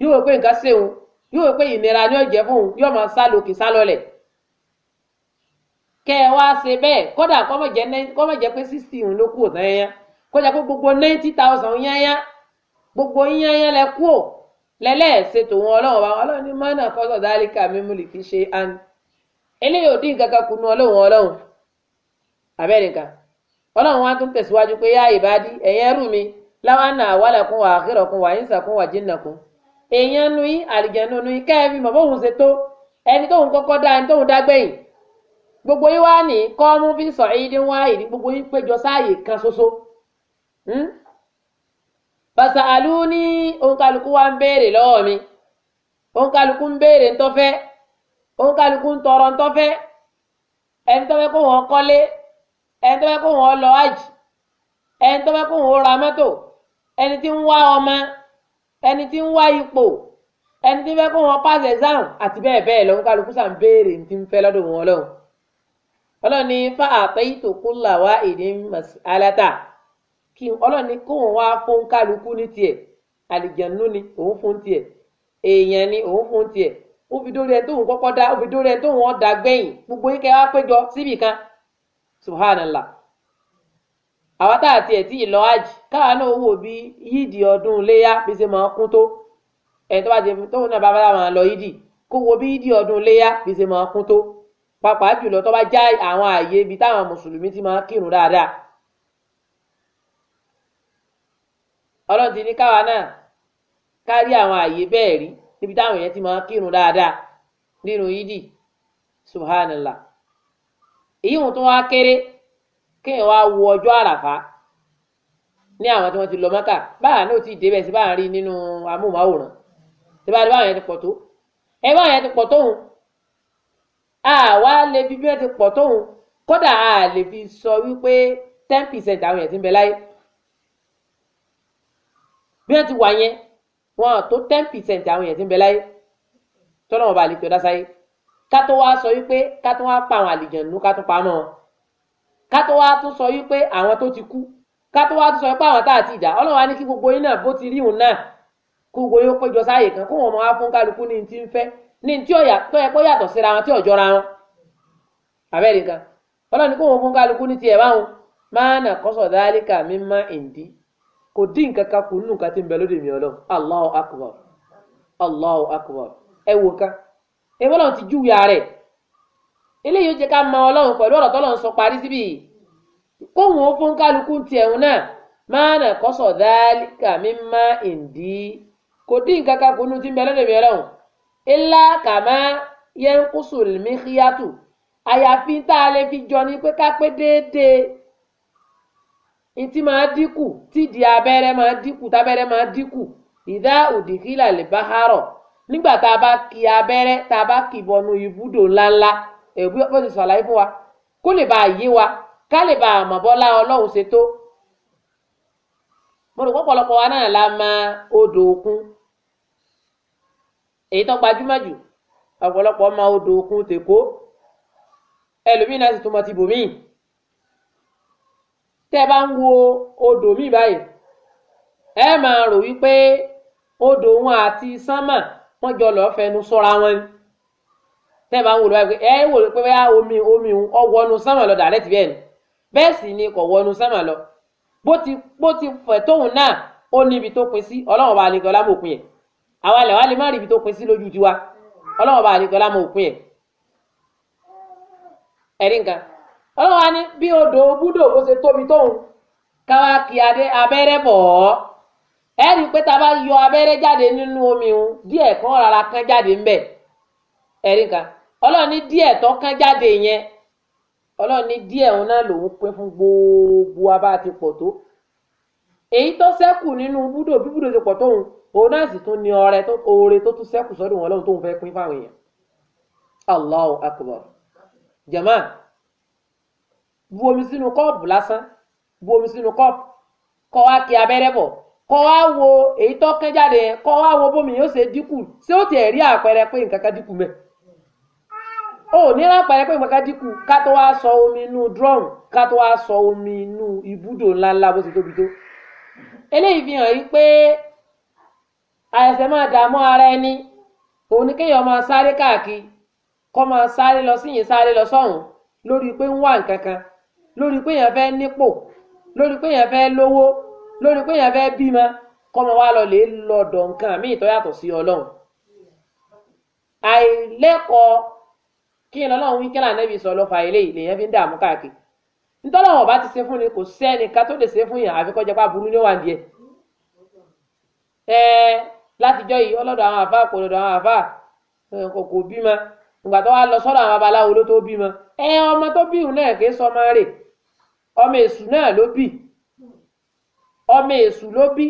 yóò wò pé nǹkan ṣe òun yóò wò pé ìnira ni yóò jẹ́ fún òun yóò máa sá lòkè sá lọlẹ̀ kẹ́ ẹ wá ṣe bẹ́ẹ̀ kódà kọ́mọ̀ jẹ́ pé sixty òun ló kù ọ̀tá yẹn kó pé gbogbo ninety thousand yẹn yẹn gbogbo yẹn yẹn lẹ kú ò lẹ́lẹ́ẹ̀ṣe tòun ọlọ́run wa ọlọ́run ní mọ́nà kọ́sọ̀ dálíkà mímúlì kì í ṣe án eléyìí ò dín nǹkan kan kunu ọlọ́run ọlọ́run abẹ́rẹ́ nǹkan wa tún tẹ̀síwájú pé yá ìbádí ẹ̀yẹ́rù mi láwa náà àwàlàkùn wà àkérọkùn wà ìsàkùn wà jìnnàkùn èèyàn nu yín àlìjẹnu nu yín kẹfì mọ bóun ṣe tó ẹni tóun kọ́kọ́ dá ẹni tóun dá gbẹ̀yìn gbogbo yín wá ní kọ́mú fi sọ èyí dín wá èyí gbogbo yín péjọ sáàyè kan ṣoṣo bàtà hmm? àlù ní òǹkàlùkù wa ń béèrè lọ́wọ́ mi òǹkàlùkù ń béèrè ńtọ́fẹ́ òǹkàlùkù ń tọrọ ńtọ́fẹ́ ẹni tọ́fẹ́ kó wọn kọ́lé ẹni tọ́fẹ́ kó wọn lọ àjì ẹni tọ́fẹ́ kó wọn ra mọ́tò ẹni tí ń wá ọmọ ẹni tí ń wá ipò ẹni tí ń kó wọn pass exam àti bẹ́ẹ̀ bẹ́ẹ̀ lọ kálukú sàn béèrè ní ti ń fẹ́ lọ́dọ̀ wọn lọ́hùn ọlọ́run ní fa àtẹ́yìntò kúlà wá èdè alátà kí ọlọ́run ní kóun wá fún kálukú ní tiẹ̀ àlìjànú ni òun fún tiẹ̀ èèyàn ni òun fún tiẹ̀ ó fi dórí ẹ tóun kọ́kọ́ dá ó fi dórí ẹ tóun ọ̀dà gbẹ̀yìn gbogbo yín kẹ́ wá péjọ síbì subhanallah àwa tá àti ẹ tí ì lọ hajj káwa náà wò bí yídì ọdún iléyà bí ṣe máa kún tó ẹ tó bá ti tóun náà bàbá máa lọ yídì kó wo bí yídì ọdún iléyà bí ṣe máa kún tó pàápàá jùlọ tó bá já àwọn ààyè ibi táwọn mùsùlùmí ti máa kírun dáadáa ọlọ́run ti ní káwa náà kárí àwọn ààyè bẹ́ẹ̀ rí níbi táwọn èèyàn ti máa kírun dáadáa nínú yídì subhanallah èyí wọn tó wá kéré kéèyàn wá wo ọjọ́ àràfá ní àwọn tí wọ́n ti lọ mọ́kà báà náà ti débẹ̀ sí báà ń rí nínú amóhùnmáwòrán tí báà báà yẹn ti pọ̀ tó ẹ báà yẹn ti pọ̀ tóun àwa lè fi bí wọ́n ti pọ̀ tóun kódà a lè fi sọ wípé ten percent àwọn yẹn ti ń bẹ láyé bí wọ́n ti wà yẹn wọn tó ten percent àwọn yẹn ti ń bẹ láyé tọ́lọ́mọba àlejò dá sáyé ká tó wá sọ wípé ká tó wá pa àwọn àlejò nù ká tó pa mọ́ ọ. ká atụ wá tún sọ wípé àwọn tó ti kú ká tó wá tún sọ wípé àwọn tá à ti dà ọlọ́run á ní kí gbogbo yín náà bó ti rí òun náà kó gbogbo yín ó péjọ sáàyè kan kó wọn máa fún kálukú ní ti ń fẹ́ ní tí ọ̀yà tó yẹ kó yàtọ̀ síra wọn tí ọ̀jọ́ra wọn àbẹ́rẹ́ kan ọlọ́run ní kó wọn mi má ìdí kò dín kù nínú nǹkan ń bẹ lóde mi akbar akbar eléyìí ó jẹ́ ká mọ ọlọ́run pẹ̀lú ọ̀rọ̀ tọ́lọ́run sọ parí síbì kóhùn ó fún kálukú ti ẹ̀hún náà máa nà kọ́sọ̀ dáálíkà mímá ìdí kò dín nǹkan kan kunu ti ń bẹ lọ́dọ̀ mi ọlọ́run ilá kàmá yẹn kùsù míkíyàtù àyàfi tá a lè fi jọ ni pé ká pé déédéé ìtì máa dínkù tídìí abẹ́rẹ́ máa dínkù tábẹ́rẹ́ máa dínkù ìdá òdìkílà lè bá hárọ̀ nígbà tá a bá kì abẹ́rẹ́ tá a bá kì bọnú ibùdó ńláńlá èbú bó ti ṣàlàyé fún wa kó lè bá a yé wa ká lè bá a mọ̀ bọ́lá ọlọ́run ṣe tó mo rò pé ọ̀pọ̀lọpọ̀ wa náà la máa odò òkun èyí tó gbajúmọ̀ jù ọ̀pọ̀lọpọ̀ máa odò òkun tèkó ẹlòmíín náà sì tún mọ ti bòmíì tẹ́ bá ń wo odò míì báyìí ẹ máa rò wípé odò wọn àti sánmà wọn jọ lọ fẹnu sọra wọn ni tẹ́ bá ń wò lọ́wọ́ ẹ wò pé omi omi ọ wọnú sánmà lọ dàrẹ́tì bẹ́ẹ̀ ni bẹ́ẹ̀ sì ni kò wọnú sánmà lọ bó ti bó ti fẹ̀ tóun náà ó ní ibi tó pin sí ọlọ́run bá òpin yẹn àwa lẹ̀ wá lè má rí ibi tó pin sí lójú tiwa ọlọ́run bá òpin yẹn ẹ̀rí nǹkan ọlọ́run ní bí odò búdò bó ṣe tóbi tóun ọlọ́run ní díẹ̀ tó kán jáde yẹn ọlọ́run ní díẹ̀ òun náà lòún pín fún gbogbo abá ti pọ̀ tó èyí tó ṣẹ́kù nínú búdò bí búdò ti pọ̀ tóun òun náà sì tún ní ọrẹ tó oore tó tún ṣẹ́kù sọ́dọ̀ wọn lọ́hùn tóun fẹ́ pín fáwọn èèyàn Allah akbar jama bu omi sínú kọ́ọ̀pù lásán bu omi sínú kọ́ọ̀pù kọ́ wa kí abẹ́rẹ́ bọ̀ kọ́ wa wo èyí tó kán jáde yẹn kọ́ wa wo bómi yóò ṣe dínkù ṣé ó tiẹ̀ rí àpẹẹrẹ pé nǹkan kan dínkù mẹ́ẹ̀ ó ní lápẹẹrẹ pé nǹkan dínkù ká tó wá sọ omi inú drum ká tó wá sọ omi inú ibùdó ńláńlá bó ti tóbi tó eléyìí fi hàn yín pé àìsàn máa dààmú ara ẹni òun ni kéèyàn máa sáré káàkiri kọ́ máa sáré lọ síyìn sáré lọ sọ́hùn lórí pé ń wà nǹkan kan lórí pé èèyàn fẹ́ nípò lórí pé èèyàn fẹ́ lówó lórí pé èèyàn fẹ́ bímọ kọ́ máa wá lọ lè lọ́dọ̀ nǹkan míì tó yàtọ̀ sí ọlọ́run àìlẹ́kọ̀ọ́ kí ni ọlọ́run wí kílà sọ ló fa eléyìí lèyàn fi ń dààmú káàkiri ntọ́lọ́wọ̀n ọba ti ṣe fún ni kò sẹ́nìkan tó lè ṣe fún yàn àfi kó jẹ́ pé ní wàǹdí ẹ̀ ẹ́ẹ́ látijọ́ yìí ọlọ́dọ̀ àwọn àfa kò lọ́dọ̀ àwọn àfa kò ìgbà tó lọ sọ́dọ̀ àwọn ló tó ẹ ọmọ tó bí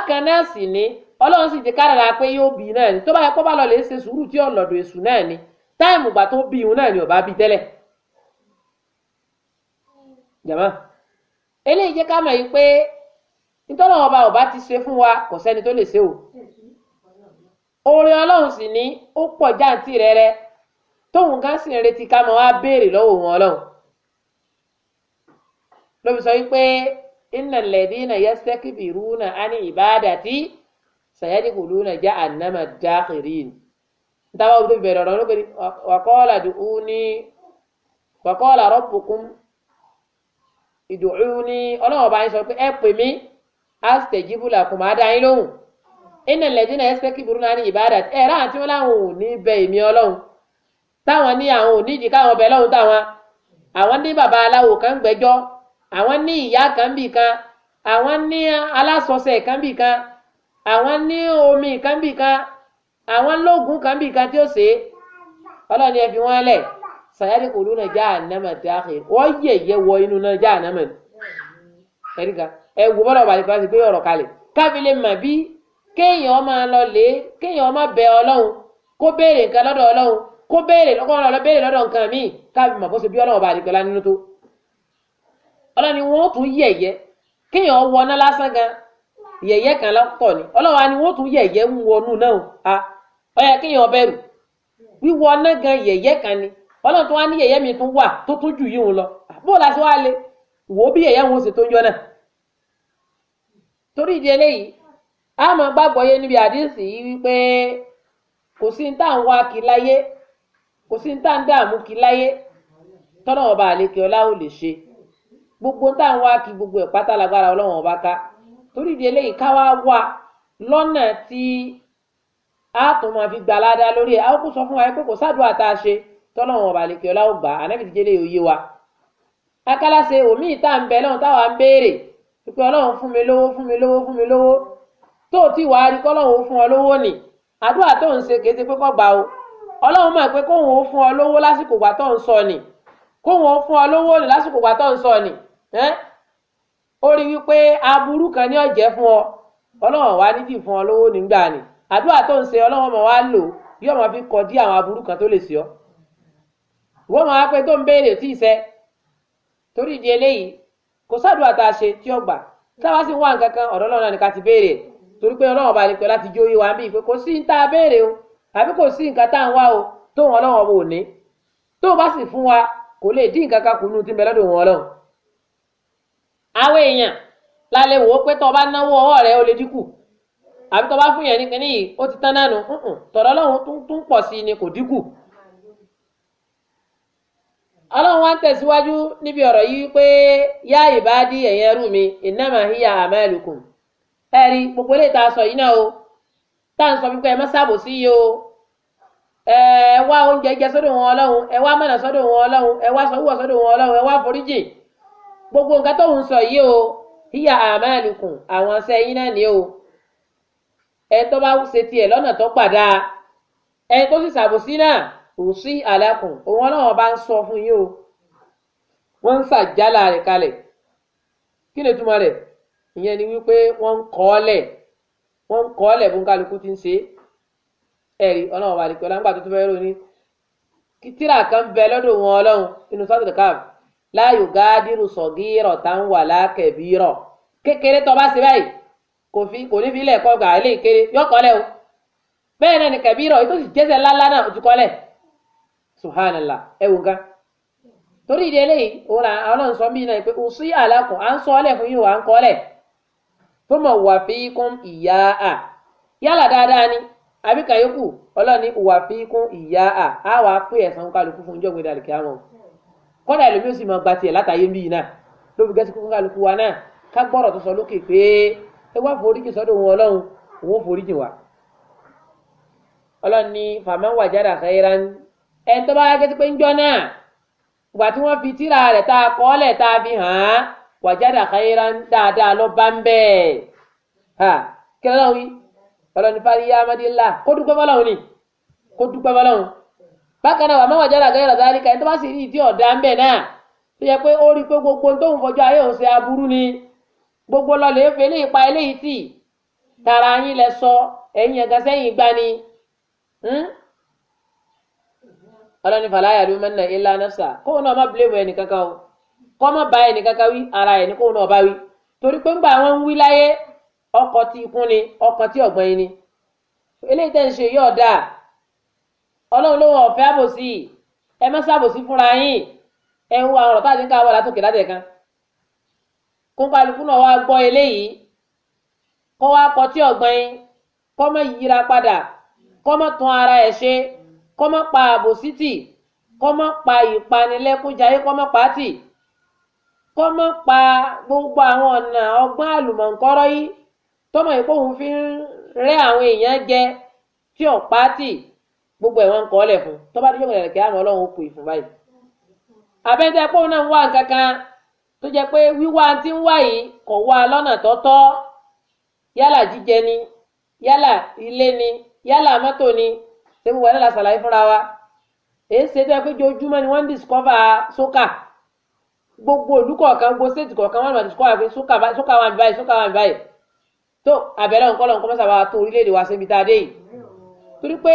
náà ni ọlọ́run sì ti kárẹ̀ la pé táìmù gbà tó bí òun náà ni ọba bí tẹ́lẹ̀ jàmá eléyìí jẹ́ ká mọ̀ yìí pé nítorí ọba ọba ti ṣe fún wa kò sẹ́ni tó lè ṣe o oore ọlọ́run sì ní ó pọ̀ jáǹtì rẹ̀rẹ̀ tóun kan sì ń retí ká mọ wá béèrè lọ́wọ́ wọn ọlọ́run ló fi sọ wípé innal ladina yastakbiruna ani ibadati sayadkhuluna jahannama dakhirin ni. dábàá wọ́n tó bẹ̀rẹ̀ ọ̀rọ̀ lókè wàkọ́ọ̀lá dùkú ní wàkọ́ọ̀lá rọ́pùkún ìdùkú ní ọlọ́wọ́n pé ẹ pè mí àstẹ̀jíbù lóhùn ní ìbádà àti wọn ò ní táwọn ní àwọn ò káwọn lọ́hùn táwọn àwọn ní aláwo kan àwọn ní ìyá kan bì kan àwọn ní alásọsẹ àwọn lóògùn kan bíi kan tí ó ṣe é ọlọ́run ni ẹ fi wọ́n lẹ̀ sàyáde kò lónà já ànámà tí a kè wọ́n yẹ̀yẹ́ wọ inú náà já ànámà ni ẹ̀ríkà ẹ wò bọ́dọ̀ bàjẹ́ kí wọ́n ti gbé ọ̀rọ̀ kalẹ̀ káfí lè mà bí kéèyàn máa lọ lé kéèyàn máa bẹ ọlọ́run kó béèrè nǹkan lọ́dọ̀ ọlọ́run kó béèrè lọ́kàn lọ béèrè lọ́dọ̀ nǹkan míì káfí mà bó ṣe bí ọlọ́run bàjẹ́ kọ́lá nínú tó ọlọ́run ni wọ́n tún yẹ̀yẹ́ kéèyàn wọ ná lásán gan yẹ̀yẹ́ kan lọ́tọ̀ ni ọlọ́run ni wọ́n tún yẹ̀yẹ́ ń wọnú ó yẹ ọbẹ bẹ̀rù wíwọ náà gan yẹ̀yẹ́ kan ni ọlọ́run tó wá ní yẹ̀yẹ́ mi tún wà tó tún jù yíhun lọ bó o wá le wò ó bí yẹ̀yẹ́ wọn sì tó ń jọ náà torí ìdí eléyìí a máa gbàgbọ́ yé níbi àdínsì yìí wípé kò sí ní tá gbogbo tá à ń wá kí gbogbo ẹ̀ pátá lágbára ọlọ́run ọba ká á tún máa fi gbalada lórí ẹ àwọn kò sọ fún wa pé kò sádùá tá a ṣe tọ́lọ́wọ̀n ọba àlekè ọlá ò gbà ànábì ti jẹ́lẹ̀ òye wa akálàṣe òmíì tá à ń bẹ lọ́hùn táwa ń béèrè pé ọlọ́run fún mi lówó fún mi lówó fún mi lówó tó ti wàá rí kọ́lọ́run ó fún ọ lówó nì àdúrà tó ń ṣe kìí ṣe pé kọ́ gbà o ọlọ́run mọ̀ pé kóun ó fún ọ lówó lásìkò gbà tó ń sọ nì kóun ó fún ọ lówó lásìkò gbà tó ń sọ nì ó rí wípé aburú kan ní ọ̀jẹ̀ fún ọ ọlọ́run wá ní kì ọ lówó nígbà nì àdúrà tó ń ṣe ọlọ́wọ́n mọ̀ wá lò yóò máa fi kọ́ dí àwọn aburú kan tó lè ṣe ọ́ ìwọ́n máa pé tó ń béèrè tí ì sẹ́ torí ìdí eléyìí kò sádùá tá a ṣe tí ó gbà táwa sì wá nǹkan kan ọ̀dọ́ lọ́nà nìkan ti béèrè torí pé ọlọ́wọ́n bá lè pẹ́ láti jó yíwa bí pé kò sí ń tá béèrè o àbí kò sí nǹkan tá à ń wá o tóun ọlọ́wọ́n bò ní tóun bá sì fún wa kò lè dín nǹkan kan kù tí ń bẹ lọ́dọ̀ wọn ọlọ́run àwọn èèyàn la wò ó pé tó o bá náwó ọwọ́ rẹ ó lè dínkù àbí tó bá fún yẹn ní yìí ó ti tán nánu tọ̀dọ̀ ọlọ́run tún pọ̀ sí i ni kò dínkù. ọlọ́run wa ń tẹ̀síwájú níbi ọ̀rọ̀ yìí pé yá ìbádí ẹ̀yẹn rú mi ìnáma híyà àmàlùkùn ẹ rí gbogbo a sọ yìí náà o tá à ń sọ wípé ẹ má sábò sí o ẹ wá ẹni tó bá ṣe tiẹ̀ lọ́nà tó pàdá ẹni tó sì ṣàbòsí náà kò sí àlákùn òun Ọlọ́run bá ń sọ fún yín o wọ́n ń ṣàjálà rẹ̀ kalẹ̀ kí ni túmọ̀ rẹ̀ ìyẹn ni wípé wọ́n ń kọ́ ọ lẹ̀ wọ́n ń kọ́ ọ lẹ̀ fún kálukú ti ń ṣe ẹ̀rí Ọlọ́run wà lẹkọọ lágbà tó tún fẹẹ ròní tíra kan bẹ lọ́dọ̀ wọn Ọlọ́run inú sọtò káàbù láàyò gáádìrú sọgírọ táwọn wà lákẹbírọ kékeré tó bá ṣe báyìí kò fi kò ní fi ilẹ̀ ilé ìkéré o bẹ́ẹ̀ náà ni kẹ̀bí rọ̀ ètò ìjẹsẹ̀ ńláńlá náà ojú kọ́lẹ̀ suhanala, ẹ wò gan torí ìdí eléyìí òun là àwọn náà ń sọ mí náà pé òsì àlàkùn à ń sọ ọ́lẹ̀ fún yín o ń wà fi kún ìyá yálà dáadáa ni àbí kàyókù ọlọ́ni wà fi kún ìyá á wà ẹ̀sán kálukú fún wa náà ká gbọ́rọ̀ tó sọ lókè ẹ wá foríjì sọ́dọ̀ òun ọlọ́run òun ó foríjì wá ọlọ́run ní fàmà wàjáde àkàyèrà ń ẹ tó bá yàgé pé ń jọ náà ìgbà tí wọ́n fi tíra rẹ̀ tá a kọ́ lẹ̀ tá a fi hàn án wàjáde àkàyèrà ń dáadáa lọ bá ń bẹ́ẹ̀ ha kí lọ́wọ́ wí ọlọ́run ní fàlíyà amadílà kó dúpẹ́ fọlọ́run ni kó dúpẹ́ fọlọ́run bákan náà wàmà wàjáde àkàyèrà dáríkà ẹ tó bá sì rí ìdí ọ̀dà ń bẹ̀ náà tó yẹ pé ó rí pé gbogbo tóun fọjọ́ ayé òun ṣe aburú ni. gbogbo lọlẹ efe eléyìí pa eléyìí tì tara yín lẹ sọ ẹ̀yin ẹgàn sẹ́yìn gbá ni hmm? ọlọ́ni fàlàyà ló mẹ́rin náà ilá nafsa kóun náà má bílẹ̀mù o má ba wí ara ẹni kóun náà bá wí torí pé ńgbà wọn ń wí láyé ọkọ̀ tí ikún ni tí yín ni eléyìí tẹ̀ ń ṣe yóò dáa ọlọ́run ló wọ kó kálukú náà wá gbọ́ eléyìí kó wá kọtí ọ̀gbọ́n yín kó má yíra padà kó ara ẹ̀ ṣe kó pa àbòsí tì kó pa ìpanilẹ́kúnjayé kó má pàtì pa gbogbo àwọn ọ̀nà ọgbọ́n àlùmọ̀ǹkọ́rọ́ yìí yìí kóhun fi ń rẹ́ àwọn èèyàn jẹ gbogbo ẹ̀ wọ́n ń kọ́ ọ́lẹ̀ fún kí á mọ̀ ọlọ́run tó jẹ́ pé wíwá tí ń wá yìí kò wá lọ́nà tó tọ́ yálà jíjẹ ni yálà ilé ni yálà mọ́tò ni ṣé gbogbo ẹ̀rọ la ṣàlàyé fúnra wa èyí ṣe tó yẹ pé ojoojúmọ́ ni wọ́n ń discover sókà gbogbo òlú kọ̀ọ̀kan gbogbo séètì kọ̀ọ̀kan wọ́n ń discover pé sókà wà ní báyìí sókà wà ní báyìí tó àbẹ̀rẹ̀ nǹkan lọ́nkọ́ mọ́sàbá tó orílẹ̀-èdè wa síbi tá a dé yìí torí pé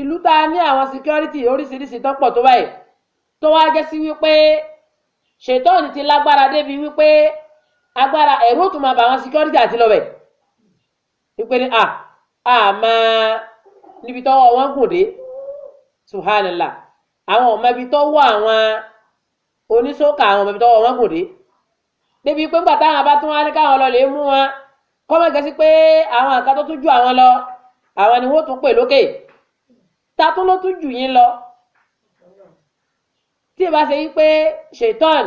ìlú tá a ní àwọn security oríṣiríṣi tó pọ̀ tó báyìí tó wá jẹ́ sí wípé ṣètọ́ọ̀nì ti lágbára débi wípé agbára ẹ̀rú tún máa bà wọn security àti lọ́bẹ̀ wípé ni à à máa níbi tọ́wọ́ wọn gùn dé subhanallah àwọn ọmọ ibi tọ́wọ́ àwọn oníṣòkà àwọn ọmọ ibi tọ́wọ́ wọn gùn dé débi pé ńgbà táwọn abá tún wá ní káwọn lọ lè mú wọn kọ́mọ̀ gẹ̀ẹ́sì pé àwọn àká tó tún ju àwọn lọ àwọn ni wọ́n tún pè lókè ta tún ló tún jù yín lọ tí ẹ bá ṣe wípé ṣètọ́n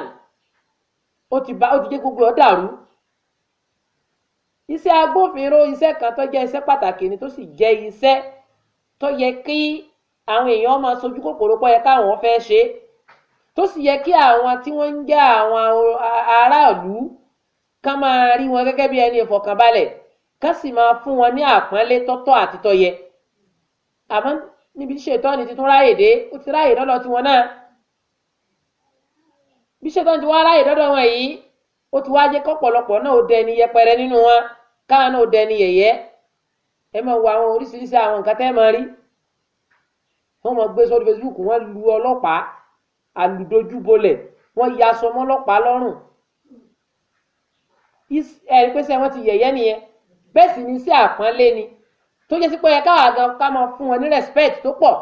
ó ti bá ó ti jẹ́ gbogbo ọ̀ dàrú iṣẹ́ agbófinró iṣẹ́ kan tó jẹ́ iṣẹ́ pàtàkì ni tó sì jẹ́ iṣẹ́ tó yẹ kí àwọn èèyàn máa sojú kòkòrò pọ̀ yẹ káwọn fẹ́ ṣe tó sì yẹ kí àwọn tí wọ́n ń jẹ́ àwọn aráàlú ká máa rí wọn gẹ́gẹ́ bí ẹni ìfọ̀kànbalẹ̀ ká sì máa fún wọn ní àpọ́nlé tọ́tọ́ àti tọ́yẹ àmọ́ níbi tí ṣètọ́ni ti tún ráàyè dé ó ti ráàyè lọ́lọ́ tiwọn náà bí ṣetán ti wá ráàyè dọ́dọ̀ wọn yìí ó ti wá jẹ́ kọ́pọ̀lọpọ̀ náà ó dẹni yẹpẹrẹ nínú wọn káwọn náà ó dẹni yẹ̀yẹ́ ẹ máa wo àwọn oríṣiríṣi àwọn nǹkan tẹ́ ẹ máa rí wọ́n máa gbé sórí Facebook wọ́n lu ọlọ́pàá àlùdojúbolẹ̀ wọ́n ya aṣọ mọ́ ọlọ́pàá lọ́rùn ẹ rí pé sẹ́ wọ́n ti yẹ̀yẹ́ nìyẹn bẹ́ẹ̀ sì ni sí àpọ́nlé ni tó jẹ́ sí pé ẹ káwá gan ká máa fún wọn ní respect tó pọ̀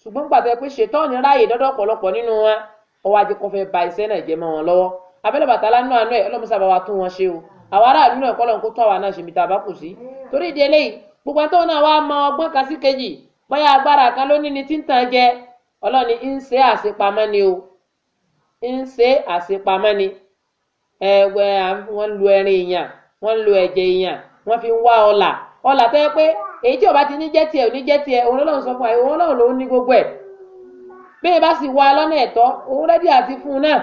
ṣùgbọ́n pàtó ẹ pé ṣètọ́ọ̀nì ráàyè dọ́dọ̀ ọ̀pọ̀lọpọ̀ nínú wọn ọwọ́ ajé kó fẹ́ ba iṣẹ́ náà jẹ́ mọ́ wọn lọ́wọ́ abẹ́lẹ̀ bàtà lánàá àánú ẹ̀ ọlọ́mọ sábà wa tún wọn ṣe o àwa aráàlú náà kọ́ lọ́n kó tó àwa náà ṣe mi tá a bá kù sí torí ìdí eléyìí gbogbo àtọ́wọ́n náà wá mọ ọgbọ́n kan sí kejì bóyá agbára kan ló ní ni tí ń tàn jẹ ọlọ́ni ń ṣe àṣepamọ́ ni o ń ṣe àṣepamọ́ ni ẹ̀wẹ̀ wọ́n ń lu ẹrin èèyàn wọ́n ń lu ẹ̀jẹ̀ èèyàn wọ́n fi ń wá ọlà ọlà tẹ́ pé èyí tí ó bá ti ní jẹ́ tiẹ̀ ò ní jẹ́ tiẹ̀ òun lọ́run sọ fún wa òun lọ́run lòún ní gbogbo ẹ̀ bẹ́ẹ̀ bá sì waa lọ́nà ẹ̀tọ́ òun rẹ́dí àti fún un náà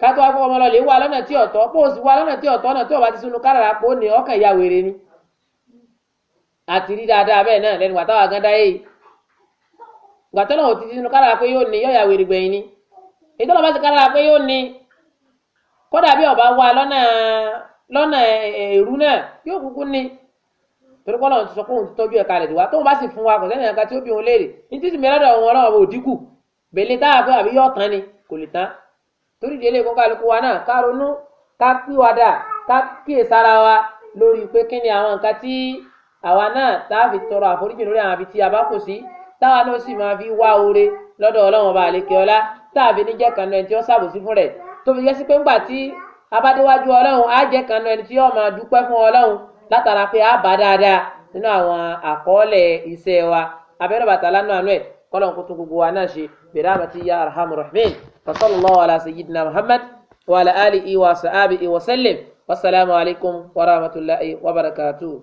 kátó akọ ọmọ lọlẹ wá lọnà tí ọtọ bó o sì wá lọ́nà tí ọtọ náà tí ọba ti sunu kárara pò ní ọkàn ìyá wèrè ni àti rí dáadáa bẹ́ẹ̀ náà lẹ́nu wàtáwà gan dá yìí gbàtọ́ náà ò ti sunu kárara pé yóò ní ni ètò ọba ti kárara pé yóò ní kódà bí ọba lọnà náà yóò kúkú ní torí pé Ọlọ́run ti sọ pé òun ti tọ́jú ẹ̀ka rẹ̀ wá tóun bá sì fún wa kò sẹ́ni ẹ̀ka tí ó bí òun léèrè ní títí mi lọ́dọ̀ òun Ọlọ́run ò dínkù bèlè táwa fẹ́ àbí yọ̀ tán ni kò lè tán torí ìdílé kó kálukú wa náà ká ronú ká pìwàdà ká kíyèsára wa lórí pé kí ni àwọn nǹkan tí àwa náà tá a fi tọrọ àforíjì lórí àwọn àbí tí a bá kù sí táwa náà sì máa fi wá oore lọ́dọ̀ Ọlọ́run ọba àlekè ọlá látara pé a bá dáadáa nínú àwọn àkọọ́lẹ̀ iṣẹ́ wa abẹ́rẹ́ bàtà lánàá àánú ẹ̀ kọ́lọ́n kó tún gbogbo wa náà ṣe bìràmàtì ya arhamur rahimin wa sallallahu ala sayyidina muhammad wa ala alihi wa sahbihi wa sallim wasalaamu alaykum wa rahmatulahi wa barakatuh.